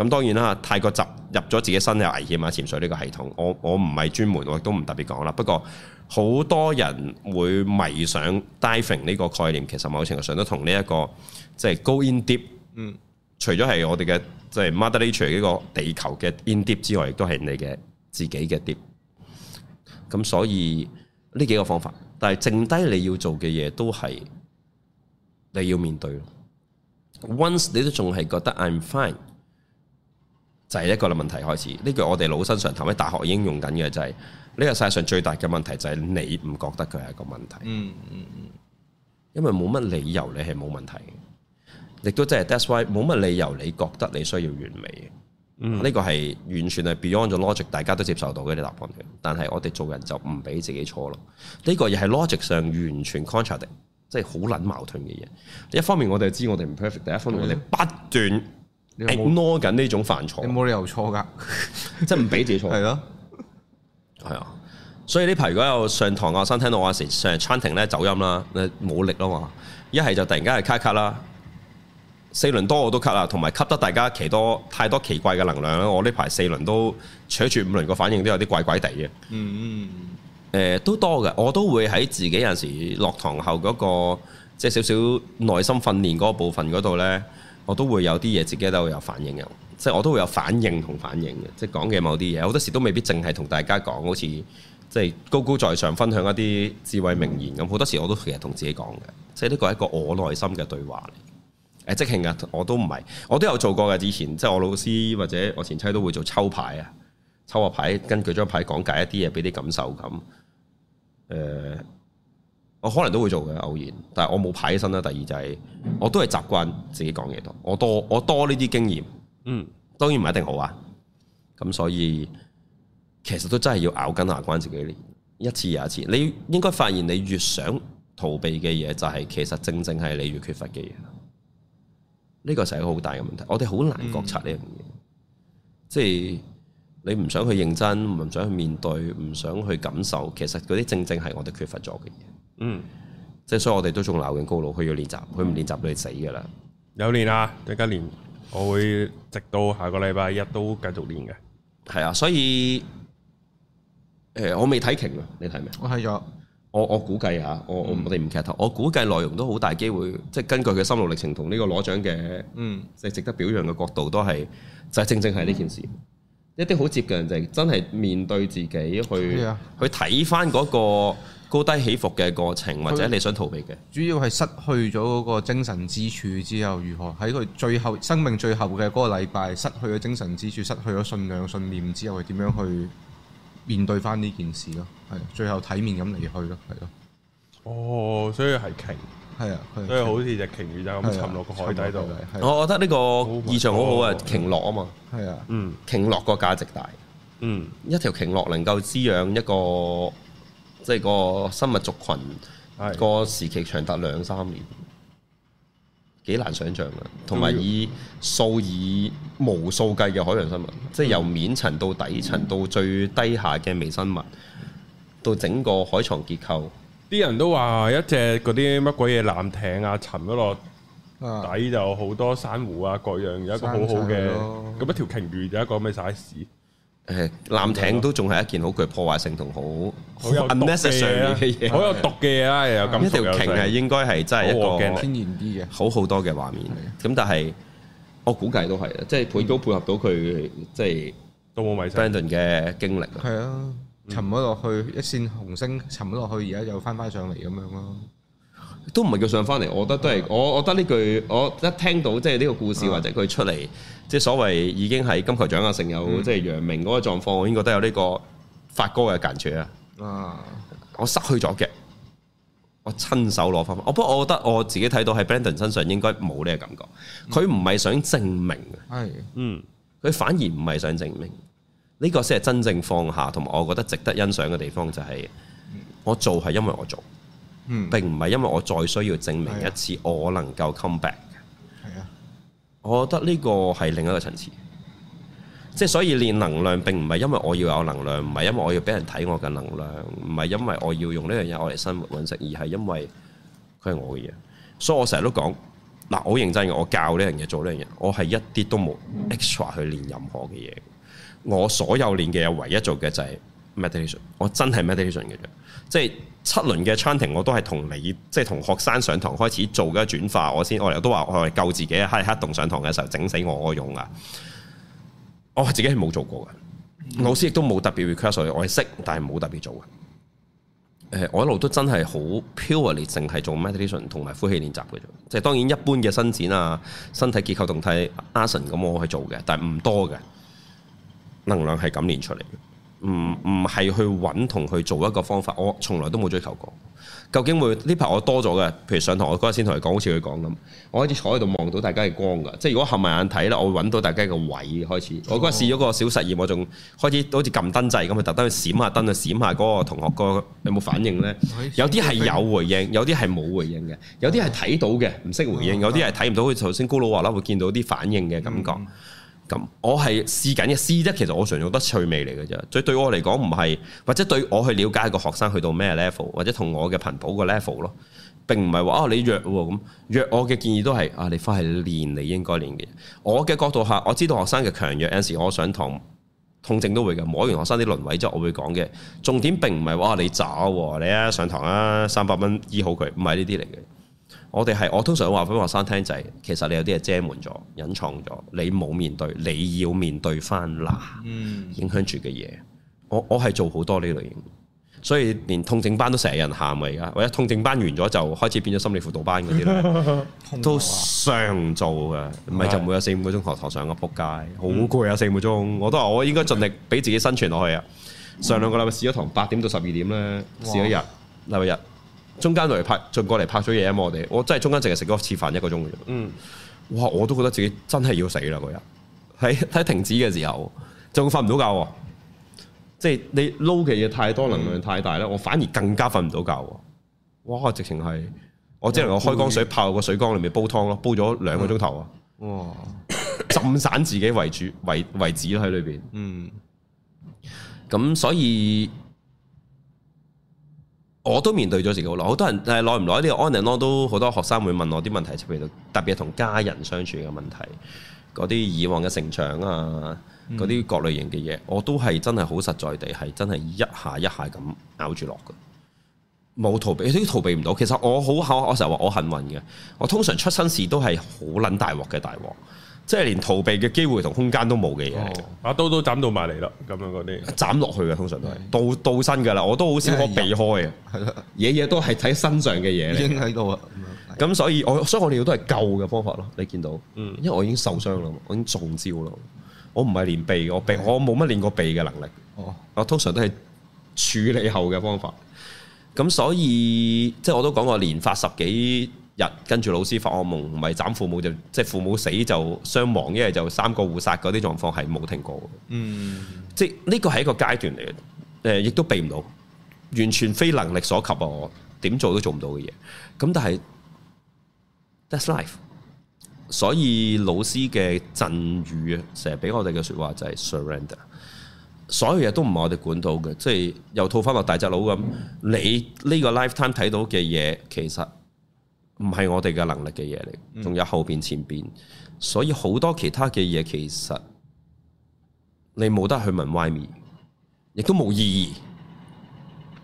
咁當然啦，太過集入咗自己身有危險啊！潛水呢個系統，我我唔係專門，我亦都唔特別講啦。不過好多人會迷上 diving 呢個概念，其實某程度上都同呢一個即係 go in deep，嗯，除咗係我哋嘅即係 mother nature 呢個地球嘅 in deep 之外，亦都係你嘅自己嘅 deep。咁所以呢幾個方法，但係剩低你要做嘅嘢都係你要面對咯。Once 你都仲係覺得 I'm fine。就係一個問題開始，呢句我哋老生常談喺大學已經用緊嘅，就係、是、呢個世界上最大嘅問題就係你唔覺得佢係一個問題。嗯嗯，因為冇乜理由你係冇問題嘅，亦都、就、即、是、係 that's why 冇乜理由你覺得你需要完美嘅。嗯，呢個係完全係 beyond 咗 logic，大家都接受到嘅啲、這個、答案嘅。但係我哋做人就唔俾自己錯咯。呢、這個又係 logic 上完全 contradict，即係好撚矛盾嘅嘢。一方面我哋知我哋唔 perfect，第一方面我哋不斷、嗯。ignore 緊呢種犯錯，你冇理由錯噶，即係唔俾自己錯。係咯，係啊，所以呢排如果有上，上堂，阿生聽到我成成日 chanting 咧，走音啦，冇力啊嘛，一係就突然間係卡卡啦，四輪多我都卡啦，同埋吸得大家奇多太多奇怪嘅能量啦，我呢排四輪都扯住五輪個反應都有啲怪怪地嘅。嗯，嗯，誒、呃，都多嘅，我都會喺自己有陣時落堂後嗰、那個即係少少內心訓練嗰個部分嗰度咧。我都會有啲嘢自己都會有反應，又即係我都會有反應同反應嘅，即係講嘅某啲嘢，好多時都未必淨係同大家講，好似即係高高在上分享一啲智慧名言咁，好多時我都其實同自己講嘅，即係呢個係一個我內心嘅對話嚟。誒，即興啊，我都唔係，我都有做過嘅。之前即係我老師或者我前妻都會做抽牌啊，抽個牌，根據張牌講解一啲嘢，俾啲感受咁。誒。我可能都會做嘅，偶然。但係我冇排起身啦。第二就係、是、我都係習慣自己講嘢多，我多我多呢啲經驗。嗯，當然唔一定好啊。咁所以其實都真係要咬緊牙關自己練一次又一次。你應該發現，你越想逃避嘅嘢、就是，就係其實正正係你越缺乏嘅嘢。呢、這個就係一個好大嘅問題。我哋好難覺察呢樣嘢，嗯、即係你唔想去認真，唔想去面對，唔想去感受。其實嗰啲正正係我哋缺乏咗嘅嘢。嗯，即係所以我哋都仲鬧緊高佬，佢要練習，佢唔練習都係死噶啦。有練啊，依家練，我會直到下個禮拜一都繼續練嘅。係啊，所以誒、呃，我未睇劇啊，你睇咩？我睇咗，我我估計啊，我我哋唔劇透。我估計內、嗯、容都好大機會，即係根據佢心路歷程同呢個攞獎嘅，嗯，即係值得表揚嘅角度都，都係就係、是、正正係呢件事。一啲好接近就係、是、真係面對自己去的去睇翻嗰個高低起伏嘅過程，或者你想逃避嘅，主要係失去咗嗰個精神支柱之後，如何喺佢最後生命最後嘅嗰個禮拜，失去咗精神支柱，失去咗信仰、信念之後，係點樣去面對翻呢件事咯，係最後體面咁離去咯，係咯。哦，所以係鯨，係啊，所以好似隻鯨魚就咁沉落個海底度。底我覺得呢個意象好好啊，鯨、oh、落啊嘛。係啊的，嗯，鯨落個價值大。嗯，一條鯨落能夠滋養一個。即係個生物族群，個時期長達兩三年，幾難想像啊。同埋以數以無數計嘅海洋生物，嗯、即係由面層到底層到最低下嘅微生物，到整個海床結構。啲人都話一隻嗰啲乜鬼嘢艦艇啊沉咗落底就好多珊瑚啊各樣，有一個好好嘅。咁、啊、一條鯨魚就一個咩 size。誒，艦艇都仲係一件好具破壞性同好好有毒嘅嘢，好有毒嘅嘢啊！又咁一條艇係應該係真係一個天然啲嘅好好多嘅畫面。咁但係我估計都係啊，嗯、即係佢都配合到佢、嗯、即係都冇迷失。b r 嘅經歷係啊，沉咗落去一線紅星，沉咗落去，而家又翻翻上嚟咁樣咯。都唔係叫上翻嚟，我覺得都係的我，我覺得呢句我一聽到即係呢個故事或者佢出嚟，的即係所謂已經喺金球獎啊，成有即係揚名嗰個狀況，我應該都有呢個發哥嘅間趣啊！啊，我失去咗嘅，我親手攞翻。我不過我覺得我自己睇到喺 Brandon 身上應該冇呢個感覺。佢唔係想證明嘅，嗯，佢反而唔係想證明。呢的、嗯呢個先係真正放下，同埋我覺得值得欣賞嘅地方就係、是、我做係因為我做，並唔係因為我再需要證明一次我能夠 come back。我覺得呢個係另一個層次。即係所以練能量並唔係因為我要有能量，唔係因為我要俾人睇我嘅能量，唔係因為我要用呢樣嘢我嚟生活揾食，而係因為佢係我嘅嘢。所以我成日都講嗱，我認真嘅，我教呢樣嘢做呢樣嘢，我係一啲都冇 extra 去練任何嘅嘢。我所有練嘅嘢，唯一做嘅就係 meditation，我真係 meditation 嘅啫即係七輪嘅 chanting 我都係同你，即係同學生上堂開始做嘅轉化，我先我哋都話我係救自己喺黑洞上堂嘅時候整死我，我用啊，我自己係冇做過嘅。老師亦都冇特別 request 我係識，但係冇特別做嘅。誒，我一路都真係好 purely 淨係做 meditation 同埋呼氣練習嘅啫。即係當然一般嘅伸展啊、身體結構動態 asana 咁，我去做嘅，但係唔多嘅。能量係咁練出嚟嘅。唔唔係去揾同去做一個方法，我從來都冇追求過。究竟會呢排我多咗嘅？譬如上堂，我嗰陣先同你講，好似佢講咁，我開始坐喺度望到大家嘅光㗎。即係如果合埋眼睇咧，我會揾到大家嘅位開始。好我嗰陣試咗個小實驗，我仲開始好似撳燈掣咁，咪特登去閃下燈啊，閃下嗰個同學個有冇反應呢？好有啲係有回應，有啲係冇回應嘅，有啲係睇到嘅，唔識回應，有啲係睇唔到。佢頭先高佬話啦，會見好到啲反應嘅感覺。嗯咁我係試緊嘅，試啫其實我純粹覺得趣味嚟嘅啫，所以對我嚟講唔係，或者對我去了解個學生去到咩 level，或者同我嘅頻譜個 level 咯，並唔係話啊你弱喎、哦、咁，弱我嘅建議都係啊你返去練，你應該練嘅。我嘅角度下，我知道學生嘅強弱，有陣時我上堂痛症都會嘅，摸完學生啲輪位之後我會講嘅，重點並唔係話你渣，你啊你上堂啊三百蚊醫好佢，唔係呢啲嚟嘅。我哋係，我通常話俾學生聽就係，其實你有啲嘢遮掩咗、隱藏咗，你冇面對，你要面對翻嗱影響住嘅嘢。我我係做好多呢類型，所以連痛症班都成日有人喊啊而家，或者痛症班完咗就開始變咗心理輔導班嗰啲啦， 啊、都常做噶，唔係就每有四五個鐘堂堂上個仆街，好攰啊四五個鐘。我都話我應該盡力俾自己生存落去啊。上兩個禮拜試咗堂八點到十二點咧，試咗一日哇禮拜日。中間嚟拍，進過嚟拍咗嘢啊嘛！我哋，我真係中間淨係食咗一次飯一個鐘嘅啫。嗯，哇！我都覺得自己真係要死啦嗰日，喺喺停止嘅時候、啊、就瞓唔到覺，即係你撈嘅嘢太多，嗯、能量太大啦，我反而更加瞓唔到覺、啊。哇！直情係我只能我開缸水泡個水缸裏面煲湯咯，煲咗兩個鐘頭啊！哇！浸散自己為主為為止喺裏邊。嗯，咁所以。我都面對咗自己好耐，耐，好多人誒耐唔耐呢個 online 都好多學生會問我啲問題，譬如特別同家人相處嘅問題，嗰啲以往嘅成長啊，嗰啲各類型嘅嘢，嗯、我都係真係好實在地係真係一下一下咁咬住落嘅，冇逃避都逃避唔到。其實我好幸，我成日話我，我幸運嘅，我通常出生時都係好撚大鑊嘅大鑊。即係連逃避嘅機會同空間都冇嘅嘢，阿刀刀斬到埋嚟啦，咁樣嗰啲斬落去嘅，通常都係到到身噶啦，我都好少可避開啊，嘢嘢 都係睇身上嘅嘢 已經喺度啊，咁所,所以我所以我哋要都係救嘅方法咯，你見到，嗯、因為我已經受傷啦，我已經中招啦，我唔係練避，我避，是的 我冇乜練過避嘅能力，哦、我通常都係處理後嘅方法，咁所以即係我都講過連發十幾。日跟住老師發惡夢，唔係斬父母就即係父母死就傷亡，一係就三個互殺嗰啲狀況係冇停過。嗯，即係呢個係一個階段嚟嘅。誒，呃，亦都避唔到，完全非能力所及啊，我點做都做唔到嘅嘢。咁但係 that's life。所以老師嘅贈語成日俾我哋嘅說話就係 surrender。所有嘢都唔係我哋管到嘅，即係又套翻落大隻佬咁。你呢個 lifetime 睇到嘅嘢，其實。唔係我哋嘅能力嘅嘢嚟，仲有後邊前邊，所以好多其他嘅嘢，其實你冇得去問 why me 亦都冇意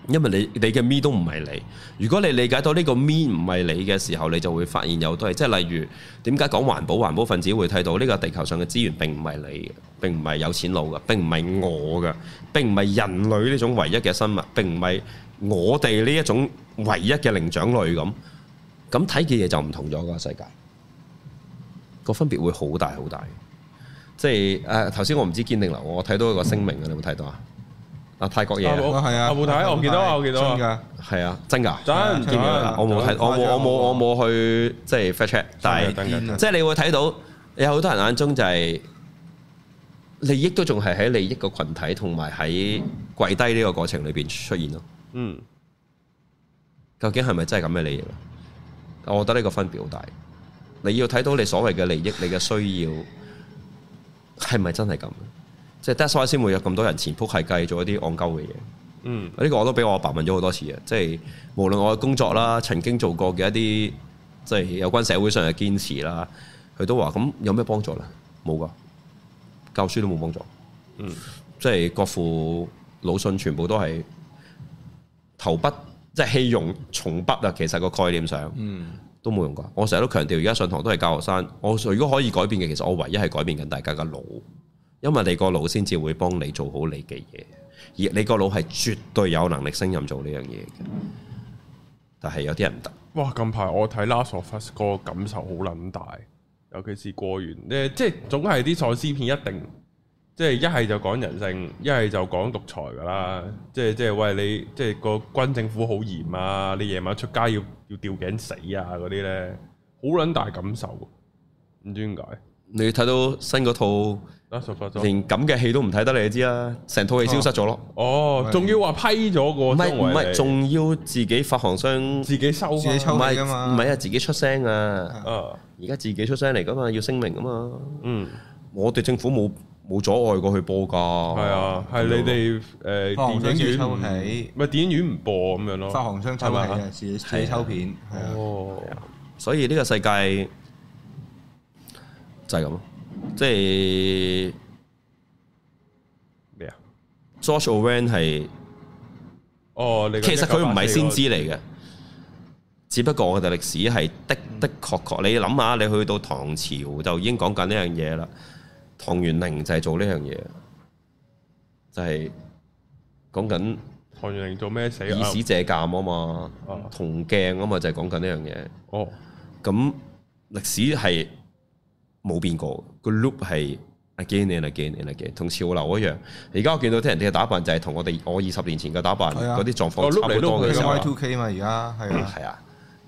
義，因為你你嘅咪都唔係你。如果你理解到呢個咪唔係你嘅時候，你就會發現有都係即係，例如點解講環保？環保分子會睇到呢個地球上嘅資源並你，並唔係你嘅，並唔係有錢佬噶，並唔係我噶，並唔係人類呢種唯一嘅生物，並唔係我哋呢一種唯一嘅靈長類咁。咁睇嘅嘢就唔同咗個世界，個分別會好大好大嘅。即係誒，頭先我唔知堅定流，我睇到一個聲明啊，你有冇睇到啊？啊，泰國嘢啊，係啊，冇睇，我唔記得啊，我記得啊，係啊，真噶真，我冇睇，我冇，我冇，我冇去即係 fetch check，但係即係你會睇到有好多人眼中就係利益都仲係喺利益個群體同埋喺跪低呢個過程裏邊出現咯。嗯，究竟係咪真係咁嘅利益？我覺得呢個分別好大，你要睇到你所謂嘅利益，你嘅需要係咪真係咁？即係 that's why 先會有咁多人前仆後繼做一啲戇鳩嘅嘢。嗯，呢個我都俾我阿爸，爸問咗好多次啊。即係無論我嘅工作啦，曾經做過嘅一啲，即係有關社會上嘅堅持啦，佢都話：咁有咩幫助咧？冇噶，教書都冇幫助。嗯，即係國父魯迅，全部都係投筆。即係棄用從不啊！其實個概念上，嗯，都冇用過。我成日都強調，而家上堂都係教學生。我如果可以改變嘅，其實我唯一係改變緊大家嘅腦，因為你個腦先至會幫你做好你嘅嘢，而你個腦係絕對有能力勝任做呢樣嘢嘅。但係有啲人唔得。哇！近排我睇 Last of Us 嗰個感受好撚大，尤其是過完咧，即係總係啲喪屍片一定。即係一係就講人性，一係就講獨裁噶啦。即係即係，喂你即係個軍政府好嚴啊！你夜晚出街要要吊頸死啊嗰啲咧，好撚大感受。唔知點解，你睇到新嗰套連咁嘅戲都唔睇得，你知啦。成套戲消失咗咯。哦，仲要話批咗個，唔係唔係，仲要自己發行商自己收自己抽嘅嘛，唔係啊，自己出聲啊。而家自己出聲嚟噶嘛，要聲明噶嘛。嗯，我對政府冇。冇阻礙過佢播㗎，係啊，係你哋誒電影院唔咪電影院唔播咁樣咯，發行商抽起嘅，是睇抽片，係啊，所以呢個世界就係咁，即係咩啊？George Orwell 係哦，其實佢唔係先知嚟嘅，只不過佢嘅歷史係的的確確，你諗下，你去到唐朝就已經講緊呢樣嘢啦。唐元齡就係做呢樣嘢，就係講緊唐元齡做咩死？以史借鑒啊嘛，同鏡啊嘛，就係講緊呢樣嘢。哦，咁歷史係冇變過，個 loop 係 again and again and again，同潮流一樣。而家我見到聽人哋嘅打扮就係同我哋我二十年前嘅打扮的，嗰啲狀況差唔多嘅的時候。Y two K 嘛，而家係係啊。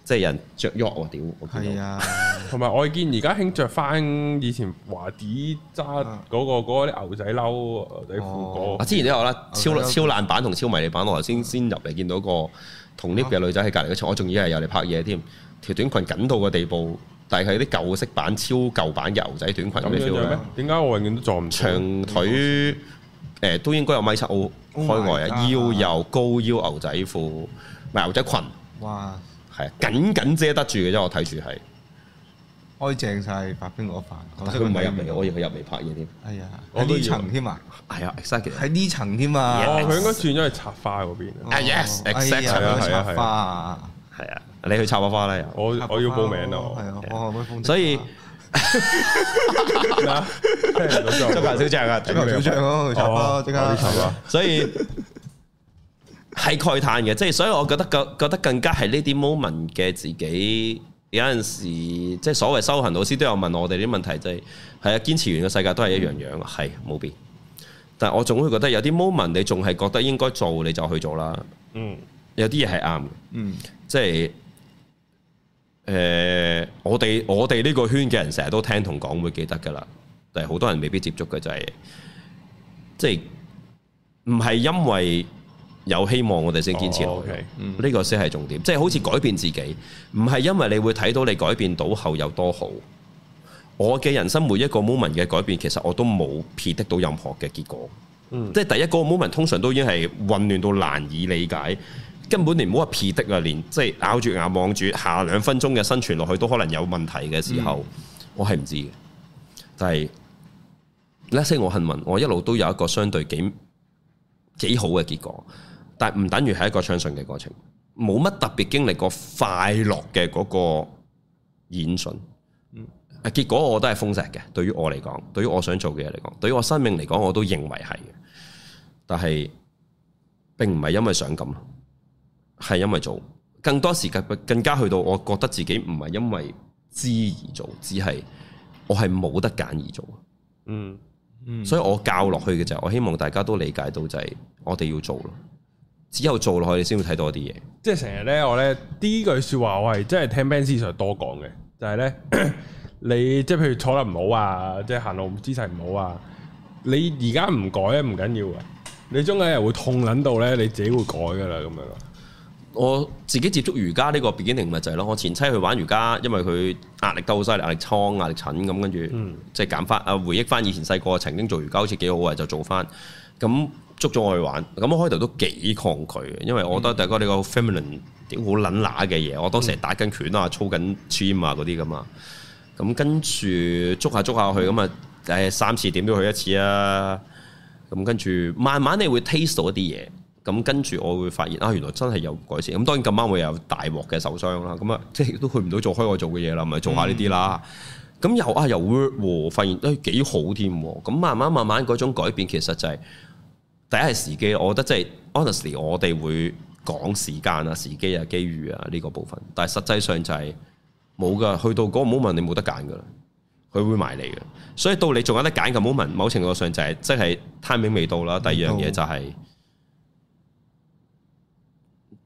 即係人着喐喎屌！我見到，係啊，同埋我見而家興着翻以前華地揸嗰個嗰啲牛仔褸牛仔褲個。啊，之前都有啦，超超爛版同超迷你版。我頭先先入嚟見到個同呢個女仔喺隔離嘅場，我仲以為有嚟拍嘢添。條短裙緊到個地步，但係啲舊式版、超舊版嘅牛仔短裙咁樣嘅咩？點解我永遠都撞唔長腿？誒，都應該有米七開外啊，腰又高腰牛仔褲唔係牛仔裙。哇！係緊緊遮得住嘅，因為我睇住係開正曬白兵嗰塊。但佢唔係入嚟，我以為佢入嚟拍嘢添。係啊，喺呢層添啊。係啊，exactly 喺呢層添啊。哦，佢應該轉咗去插花嗰邊。Yes，exactly 插花啊。係啊，你去插把花啦，我我要報名咯。係啊，所以哈哈哈哈哈。哈哈哈哈哈。哈哈哈哈哈。哈哈哈哈哈。哈哈哈哈係慨嘆嘅，即係所以我覺得覺得更加係呢啲 moment 嘅自己，有陣時即係所謂修行老師都有問我哋啲問題，就係係啊，堅持完嘅世界都係一樣樣，係冇變。但係我總會覺得有啲 moment，你仲係覺得應該做，你就去做啦。嗯，有啲嘢係啱嘅。嗯，即係誒、呃，我哋我哋呢個圈嘅人成日都聽同講，會記得噶啦。但係好多人未必接觸嘅就係、是，即係唔係因為。有希望，我哋先堅持落去。呢、oh, okay. mm hmm. 個先係重點，即、就、係、是、好似改變自己，唔係因為你會睇到你改變到後有多好。我嘅人生每一個 moment 嘅改變，其實我都冇 predict 到任何嘅結果。Mm hmm. 即係第一個 moment 通常都已經係混亂到難以理解，根本你唔好話 predict 啊，連即係咬住牙望住下兩分鐘嘅生存落去都可能有問題嘅時候，mm hmm. 我係唔知嘅。但係 l a 我問問，我一路都有一個相對幾幾好嘅結果。但唔等於係一個暢順嘅過程，冇乜特別經歷過快樂嘅嗰個演説。嗯，結果我都係封石嘅。對於我嚟講，對於我想做嘅嘢嚟講，對於我生命嚟講，我都認為係。但係並唔係因為想咁咯，係因為做更多時間更加去到，我覺得自己唔係因為知而做，只係我係冇得揀而做。嗯，嗯。所以我教落去嘅就係，我希望大家都理解到就係我哋要做咯。只有做落去是是，就是， 你先會睇多啲嘢。即係成日咧，我咧，呢句說話，我係真係聽 Ben Sir 多講嘅。就係咧，你即係譬如坐得唔好啊，即係行路姿勢唔好啊，你而家唔改唔緊要嘅。你中緊係會痛捻到咧，你自己會改噶啦咁樣我自己接觸瑜伽呢個 beginning 咪就係咯。我前妻去玩瑜伽，因為佢壓力都好犀利，壓力倉、壓力疹咁，跟住即係減翻啊，回憶翻以前細個曾經做瑜伽好似幾好啊，就做翻咁。捉咗我去玩，咁我開頭都幾抗拒，因為我覺得大哥呢個 feminine 點好撚乸嘅嘢，嗯、我當時係打緊拳啊、操緊 team 啊嗰啲咁啊。咁跟住捉下捉下去，咁啊誒三次點都去一次啊。咁跟住慢慢你會 taste 到一啲嘢，咁跟住我會發現啊，原來真係有改善。咁當然咁啱我又有大鑊嘅受傷啦，咁啊即係都去唔到做開我做嘅嘢啦，咪做下呢啲啦。咁又啊又 work 啊發現誒幾好添、啊，咁慢慢慢慢嗰種改變其實就係、是。第一係時機，我覺得即係，honestly，我哋會講時間啊、時機啊、機遇啊呢個部分。但係實際上就係冇噶，去到嗰個 moment 你冇得揀噶啦，佢會埋嚟嘅。所以到你仲有得揀嘅 moment，某程度上就係，即係 timing 未到啦。第二樣嘢就係，好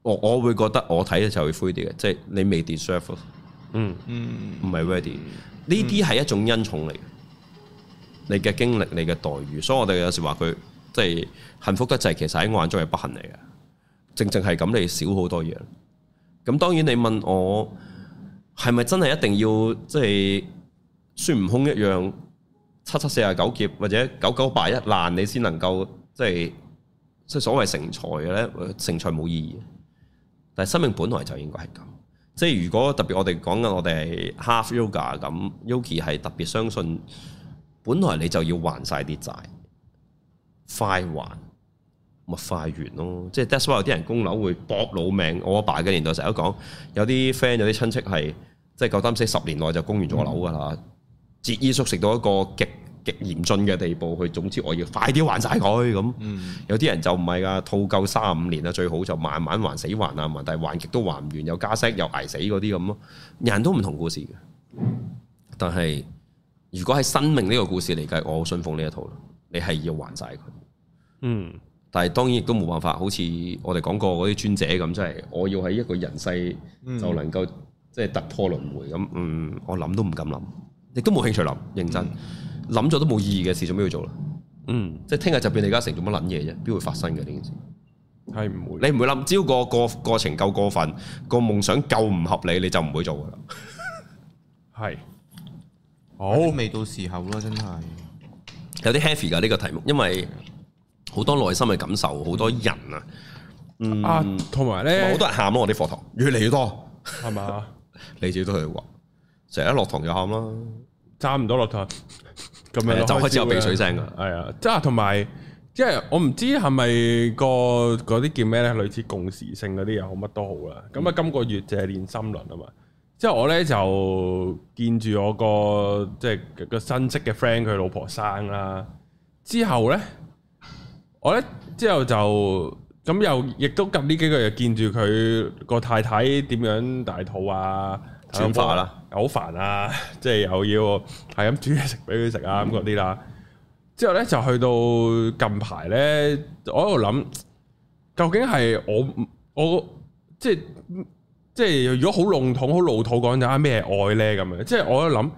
我我會覺得我睇咧就會灰啲嘅，即係你未 deserve，嗯嗯，唔係 ready。呢啲係一種恩寵嚟嘅，你嘅經歷、你嘅待遇。所以我哋有時話佢。即係幸福得滯，其實喺我眼中係不幸嚟嘅。正正係咁，你少好多嘢。咁當然你問我係咪真係一定要即係、就是、孫悟空一樣七七四十九劫或者九九八一難，你先能夠即係即係所謂成才嘅咧？成才冇意義。但係生命本來就應該係咁。即、就、係、是、如果特別我哋講緊我哋係 half yoga, y o g a 價咁，Yuki 係特別相信，本來你就要還晒啲債。快還咪快完咯，即係 that's why 有啲人供樓會搏老命。我阿爸嘅年代成日都講，有啲 friend 有啲親戚係即係夠膽死十年內就供完咗樓噶啦，節衣縮食到一個極極嚴峻嘅地步，佢總之我要快啲還晒佢咁。嗯、有啲人就唔係噶，套夠三五年啊，最好就慢慢還死還啊還，但係還極都還唔完，又加息又捱死嗰啲咁咯。人都唔同故事嘅，但係如果係生命呢個故事嚟計，我好信奉呢一套，你係要還晒佢。嗯，但係當然亦都冇辦法，好似我哋講過嗰啲尊者咁，即、就、係、是、我要喺一個人世就能夠、嗯、即係突破輪迴咁，嗯，我諗都唔敢諗，亦都冇興趣諗，認真諗咗、嗯、都冇意義嘅事做咩要做啦？嗯，即係聽日就變李嘉誠做乜捻嘢啫？邊會發生嘅呢件事？係唔會？你唔會諗，只要個過過程夠過分，個夢想夠唔合理，你就唔會做噶啦。係， 好未到時候咯，真係有啲 heavy 噶呢個題目，因為。好多內心嘅感受，好多人啊，嗯、啊，同埋咧，好多人喊咯、啊，我啲課堂越嚟越多，係嘛吧？ 你自己都去喎，成日一落堂就喊啦，差唔多落堂，咁樣就開始有鼻水聲啊。係啊，即係同埋，即係我唔知係咪、個嗰啲叫咩咧，類似共時性嗰啲又好乜都好啦。咁啊、嗯，今個月就係練心輪啊嘛，之後我咧就見住我個即係個親戚嘅 friend 佢老婆生啦，之後咧。我咧之後就咁又亦都近呢幾個月見住佢個太太點樣大肚啊，想法啦，好哇煩啊！嗯、即係又要係咁煮嘢食俾佢食啊咁嗰啲啦。之後咧就去到近排咧，我喺度諗究竟係我我即係即係如果好籠統好老土講就係咩愛咧咁樣，即係我喺度諗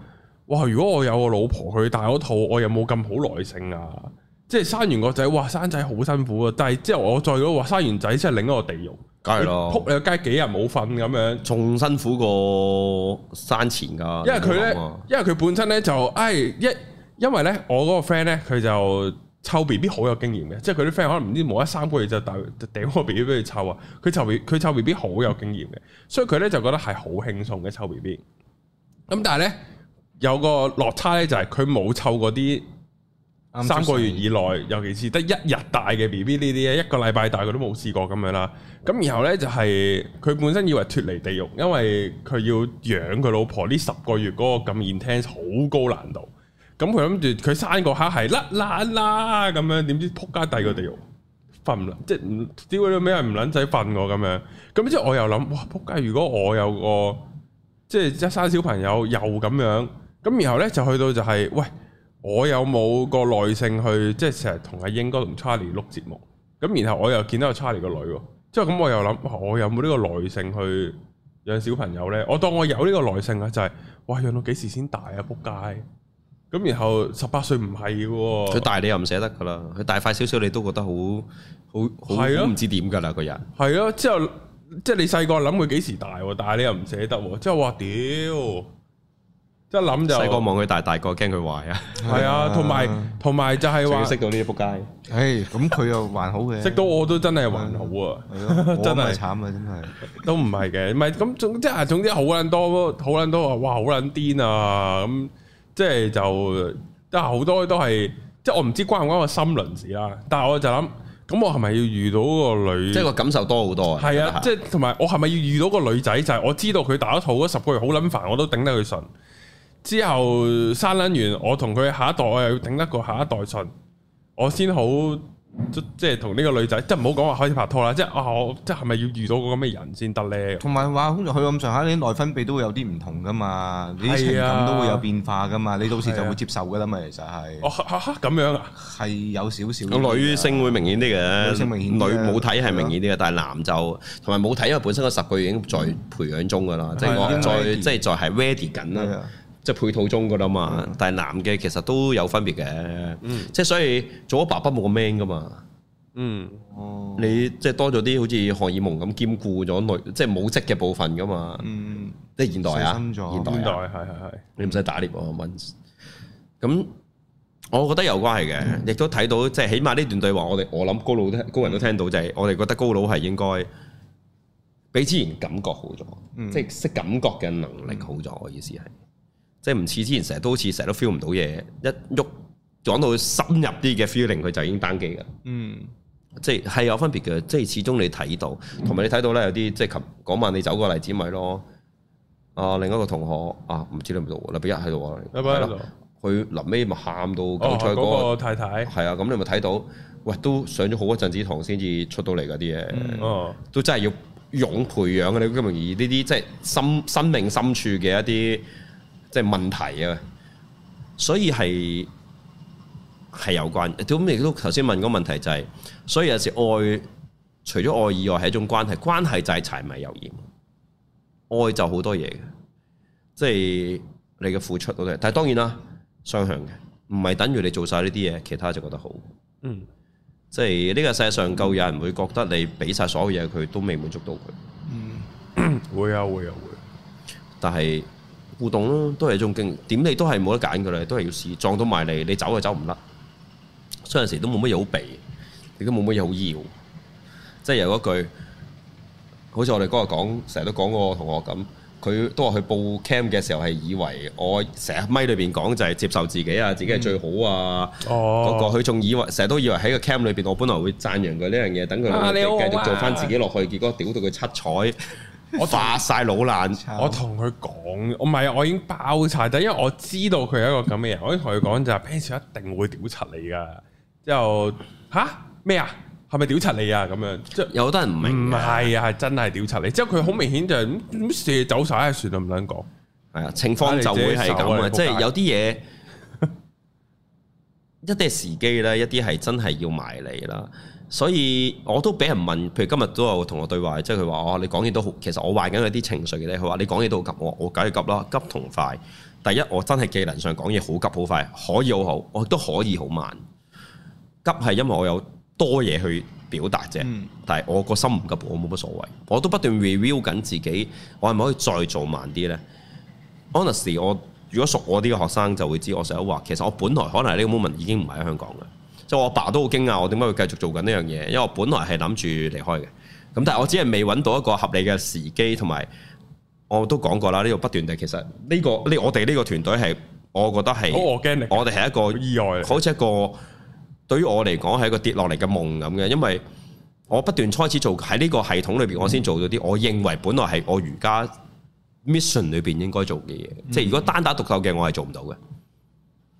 哇！如果我有個老婆佢大咗肚，我有冇咁好耐性啊？即係生完個仔，哇！生仔好辛苦啊，但係之後我再如果話生完仔即係另一個地獄，梗係啦，仆街幾日冇瞓咁樣，仲辛苦過生前噶。因為佢咧，因為佢本身咧就，唉，一因為咧，我嗰個 friend 咧，佢就湊 B B 好有經驗嘅，即係佢啲 friend 可能唔知冇一三個月就帶掉個 B B 俾佢湊啊，佢湊佢湊 B B 好有經驗嘅，所以佢咧就覺得係好輕鬆嘅湊 B B。咁但係咧，有個落差咧就係佢冇湊嗰啲三個月以內，尤其是得一日大嘅 BB 呢啲一個禮拜大佢都冇試過咁樣啦。咁然後呢，就係、是、佢本身以為脱離地獄，因為佢要養佢老婆呢十個月嗰個咁 intense，好高難度。咁佢諗住佢生個下係甩啦啦咁樣，點知撲街第個地獄瞓，即係唔知嗰啲咩唔撚仔瞓我咁樣。咁之後我又諗，哇撲街！如果我有個即係一生小朋友又咁樣，咁然後呢，就去到就係、是、喂。我有冇個耐性去即係成日同阿英哥同 Charlie 錄節目咁，然後我又見到阿 Charlie 個女喎，即係咁我又諗，我有冇呢個耐性去養小朋友咧？我當我有呢個耐性啊，就係、係、哇養到幾時先大啊，仆街！咁然後十八歲唔係喎，佢大你又唔捨得噶啦，佢大快少少你都覺得好好好唔知點㗎啦個人。係啊，之後即係你細個諗佢幾時大，但係你又唔捨得喎，即係話屌。即諗就細個望佢大，大個驚佢壞啊！係啊有，同埋同埋就係話識到呢一仆街，唉，咁佢又還好嘅，識到我都真係還好啊，真係慘啊，真係都唔係嘅，唔係咁總即係總之好撚多，多，好捻多啊！哇，好撚癲啊！咁即係就但係好多都係即係我唔知關唔關個心輪事啦。但係我就諗，咁我係咪要遇到個女？即係個感受多好多係啊！即係同埋我係咪要遇到個女仔？就係、是、我知道佢打吐咗十個月好撚煩，我都頂得佢順。之後生卵完，我同佢下一代，我又要頂得過下一代信，我先好即係同呢個女仔，即係唔好講話開始拍拖啦，即係我即係咪要遇到個咁嘅人先得咧？同埋話工去咁上下，你內分泌都會有啲唔同噶嘛，啲情感都會有變化噶嘛，你到時就會接受噶啦，咪就係。哦，咁樣啊？係有少少。女性會明顯啲嘅，女性明顯女冇睇係明顯啲嘅，但係男就同埋冇睇，因為本身個十個月已經在培養中噶啦，即係我再即係再係 ready 緊啦。即係配套中噶啦嘛，但係男嘅其實都有分別嘅，即係所以做咗爸爸冇個 man 噶嘛。嗯，你即係多咗啲好似荷爾蒙咁兼顧咗即係母職嘅部分噶嘛。即係現代啊，現代係係係。你唔使打獵啊，咁我覺得有關係嘅，亦都睇到即係起碼呢段對話，我哋我諗高佬高人都聽到就係我哋覺得高佬係應該比之前感覺好咗，即係識感覺嘅能力好咗。我意思係。即係唔似之前，成日都好似成日都 feel 唔到嘢，一喐講到深入啲嘅 feeling，佢就已經 down 機嘅。嗯，即係係有分別嘅，即係始終你睇到，同埋你睇到咧有啲即係琴嗰晚你走個例子咪咯。啊，另一個同學啊，唔知你唔到，禮拜一喺度，阿伯喺度，佢臨尾咪喊到剛才、嗰個。哦，嗰個太太係啊，咁你咪睇到，喂，都上咗好多陣子堂先至出到嚟嗰啲嘢，哦、嗯，嗯啊、都真係要勇培養嘅。你咁容易呢啲即係心生命深處嘅一啲。嗯即係問題啊，所以係，係有關。咁亦都頭先問個問題就係、是，所以有時愛，除咗愛以外係一種關係，關係就係柴米油鹽。愛就好多嘢嘅，即係你嘅付出嗰度。但係當然啦，雙向嘅，唔係等於你做晒呢啲嘢，其他就覺得好。嗯，即係呢個世界上夠有人會覺得你俾晒所有嘢，佢都未滿足到佢。嗯 會、啊，會啊會啊會，但係。互動咯，都係一種經驗，你都係冇得揀噶啦，都係要試撞到埋嚟，你走就走唔甩。所以有陣時都冇乜嘢好避，亦都冇乜嘢好要。即係有一句，好似我哋嗰日講成日都講嗰個同學咁，佢都話佢報 cam 嘅時候係以為我成日咪裏邊講就係接受自己啊，自己係最好啊。嗯、哦、嗰個，個佢仲以為成日都以為喺個 cam 裏邊，我本來會讚揚佢呢樣嘢，等佢繼，繼續做翻自己落去。啊、結果屌到佢七彩。我發晒老爛，我同佢講，我唔係我已經爆晒，但因為我知道佢係一個咁嘅人，我已經同佢講就係，Pan 少一定會屌柒你噶。之後吓，咩啊？係咪屌柒你啊？咁樣即係有得人唔明。唔係啊，係真係屌柒你。之後佢好明顯就咁、係、射、嗯、走晒算啦，唔想講。係啊，情況就會係咁啊，即係有啲嘢一啲係時機啦，一啲係真係要埋你啦。所以我都俾人問，譬如今日都有同我對話，即係佢話：哦，你講嘢都好。其實我壞緊嗰啲情緒嘅咧。佢話你講嘢都好急，我我梗係急啦，急同快。第一，我真係技能上講嘢好急好快，可以好好，我都可以好慢。急係因為我有多嘢去表達啫，但係我個心唔急，我冇乜所謂。我都不斷 reveal 緊自己，我係咪可以再做慢啲呢？h o n e s t 我如果熟我啲嘅學生就會知，我成日話其實我本來可能呢個 moment 已經唔喺香港啦。即係我爸都好驚訝，我點解會繼續做緊呢樣嘢？因為我本來係諗住離開嘅，咁但係我只係未揾到一個合理嘅時機，同埋我都講過啦，呢度不斷地。其實呢、這個呢，我哋呢個團隊係，我覺得係，我驚，我哋係一個意外，好似一個對於我嚟講係一個跌落嚟嘅夢咁嘅。因為我不斷開始做喺呢個系統裏邊，我先做咗啲我認為本來係我瑜伽 mission 裏邊應該做嘅嘢。嗯、即係如果單打獨鬥嘅，我係做唔到嘅。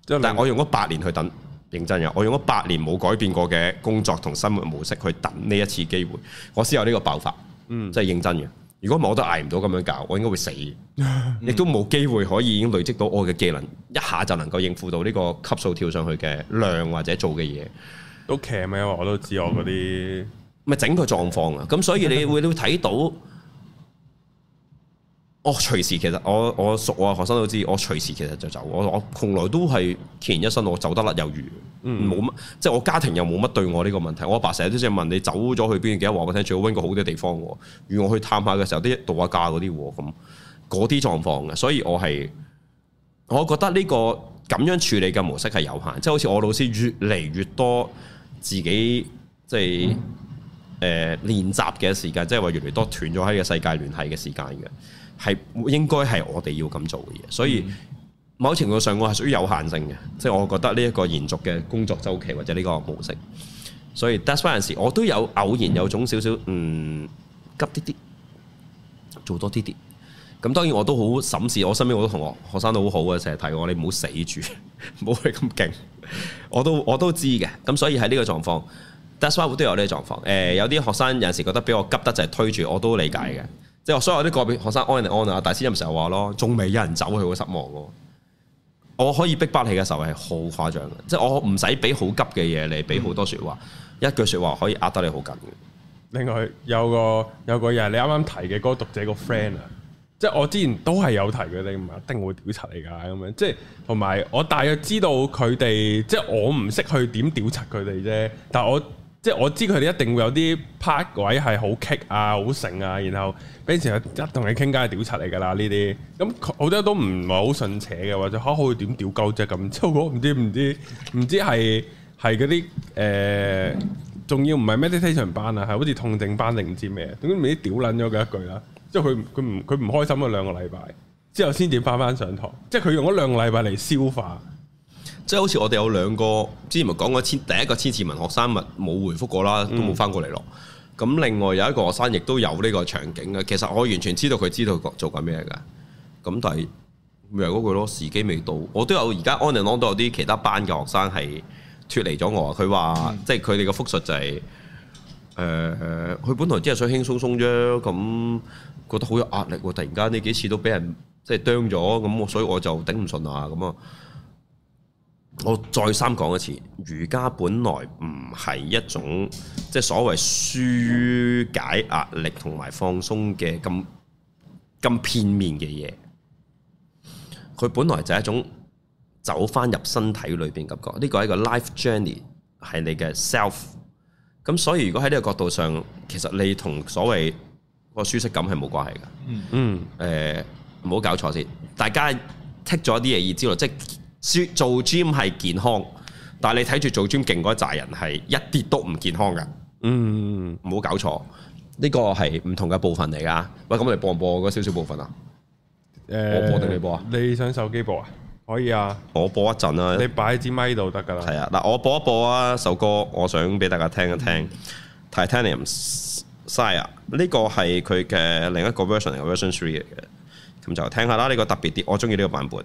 但係我用咗八年去等。認真嘅，我用咗八年冇改變過嘅工作同生活模式去等呢一次機會，我先有呢個爆發，嗯，真係認真嘅。如果唔係，我都捱唔到咁樣搞，我應該會死，亦都冇機會可以累積到我嘅技能，一下就能夠應付到呢個級數跳上去嘅量或者做嘅嘢。都 care 咩？我都知我嗰啲咪整個狀況啊！咁所以你會會睇到。 我、哦、隨時其實我我熟我學生都知，我隨時其實就走，我我從來都係孑然一身，我走得甩又如何？嗯，冇乜，即、就、係、是、我家庭又冇乜對我呢個問題。我阿爸成日都成問你走咗去邊幾多話我聽，最好揾個好啲地方喎。如我去探下嘅時候，啲度假家嗰啲咁嗰啲狀況嘅，所以我係我覺得呢、這個咁樣處理嘅模式係有限，即、就、係、是、好似我老師越嚟越多自己即係誒練習嘅時間，即係話越嚟越多斷咗喺個世界聯繫嘅時間嘅。係應該係我哋要咁做嘅嘢，所以某程度上我係屬於有限性嘅，即係我覺得呢一個延續嘅工作周期或者呢個模式。所以 that's why 有時我都有偶然有種少少嗯急啲啲做多啲啲。咁當然我都好審視，我身邊好多同學學生都好好嘅，成日提我你唔好死住，唔好去咁勁。我都我都知嘅。咁所以喺呢個狀況 that's why 會都有呢個狀況。誒、呃，有啲學生有時覺得俾我急得就係推住，我都理解嘅。即係我所有啲個別學生安定安啊，on on, 大係先生成日話咯，仲未有人走，佢會失望嘅。我可以逼不氣嘅時候係好誇張嘅，即係我唔使俾好急嘅嘢你俾好多說話，嗯、一句說話可以壓得你好緊。另外有個有個人，你啱啱提嘅嗰個讀者個 friend 啊，嗯、即係我之前都係有提佢哋，一定會調查你噶咁樣。即係同埋我大約知道佢哋，即係我唔識去點調查佢哋啫，但係我。即係我知佢哋一定會有啲 part 位係好棘啊、好成啊，然後 b 成日一同你傾偈係屌柒嚟㗎啦呢啲。咁好多都唔係好順扯嘅，或者嚇可以點屌鳩啫咁。我唔知唔知唔知係係嗰啲誒，仲、呃、要唔係 meditation 班啊，係好似痛症班定唔知咩？點解唔知屌撚咗佢一句啦？即係佢佢唔佢唔開心咗兩個禮拜，之後先至翻翻上堂。即係佢用咗兩個禮拜嚟消化。即係好似我哋有兩個之前咪講過千第一個千字文學生咪冇回覆過啦，都冇翻過嚟咯。咁、嗯、另外有一個學生亦都有呢個場景嘅，其實我完全知道佢知道做緊咩㗎。咁但係又嗰句咯，時機未到。我都有而家安 n 安 i 都有啲其他班嘅學生係脫離咗我，佢話、嗯、即係佢哋嘅複述就係、是、誒，佢、呃、本來只係想輕鬆鬆啫，咁覺得好有壓力喎。突然間呢幾次都俾人即係啄咗，咁所以我就頂唔順啊咁啊。我再三講一次，瑜伽本來唔係一種即係、就是、所謂舒解壓力同埋放鬆嘅咁咁片面嘅嘢。佢本來就係一種走翻入身體裏邊嘅感覺。呢個係一個 life journey，係你嘅 self。咁所以如果喺呢個角度上，其實你同所謂個舒適感係冇關係嘅。嗯嗯，誒、呃，唔好搞錯先，大家 take 咗啲嘢之後咯，即、就是做 gym 係健康，但係你睇住做 gym 勁嗰一扎人係一啲都唔健康噶。嗯，唔好搞錯，呢個係唔同嘅部分嚟噶。喂，咁我哋播唔播嗰少少部分啊？誒、嗯，我播定你播啊？你想手機播啊？可以啊。我播一陣啦。你擺支咪度得噶啦。係啊，嗱，我播一播啊首歌，我想俾大家聽一聽 Titanium，Sire。呢、嗯、呢個係佢嘅另一個 version 嘅 version three 嘅，咁就聽下啦。呢個特別啲，我中意呢個版本。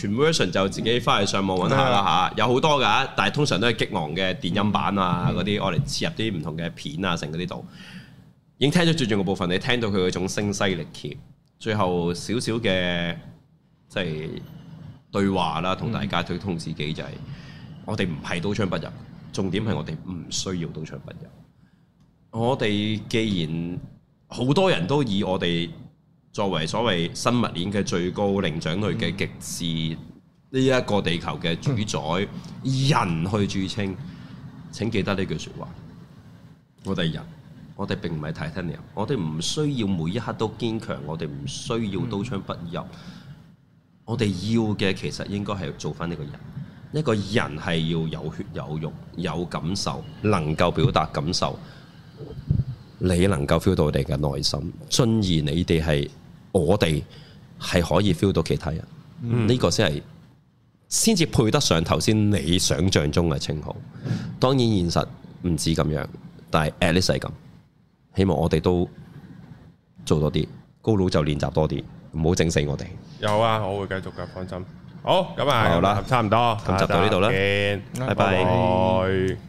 全 version 就自己翻去上網揾下啦嚇，嗯、有好多㗎，但係通常都係激昂嘅電音版啊，嗰啲我哋切入啲唔同嘅片啊，成嗰啲度，已經聽咗最重要嘅部分，你聽到佢嗰種聲嘶力竭，最後少少嘅即係對話啦，同、就是、大家推通自己就係、是，嗯、我哋唔係刀槍不入，重點係我哋唔需要刀槍不入，我哋既然好多人都以我哋。作為所謂生物鏈嘅最高靈長類嘅極致呢一、嗯、個地球嘅主宰人去注清，請記得呢句說話。我哋人，我哋並唔係 Titanium，我哋唔需要每一刻都堅強，我哋唔需要刀槍不入。我哋要嘅其實應該係做翻呢個人，一個人係要有血有肉，有感受，能夠表達感受，你能夠 feel 到我哋嘅內心，雖而你哋係。我哋係可以 feel 到其他人，嗯，呢個先係先至配得上頭先你想象中嘅稱號。當然現實唔止咁樣，但係 at least 係咁。希望我哋都做多啲，高佬就練習多啲，唔好整死我哋。有啊，我會繼續噶，放心。好，咁啊，好啦了，差唔多，咁就，就到呢度啦，見拜拜。拜拜。拜拜。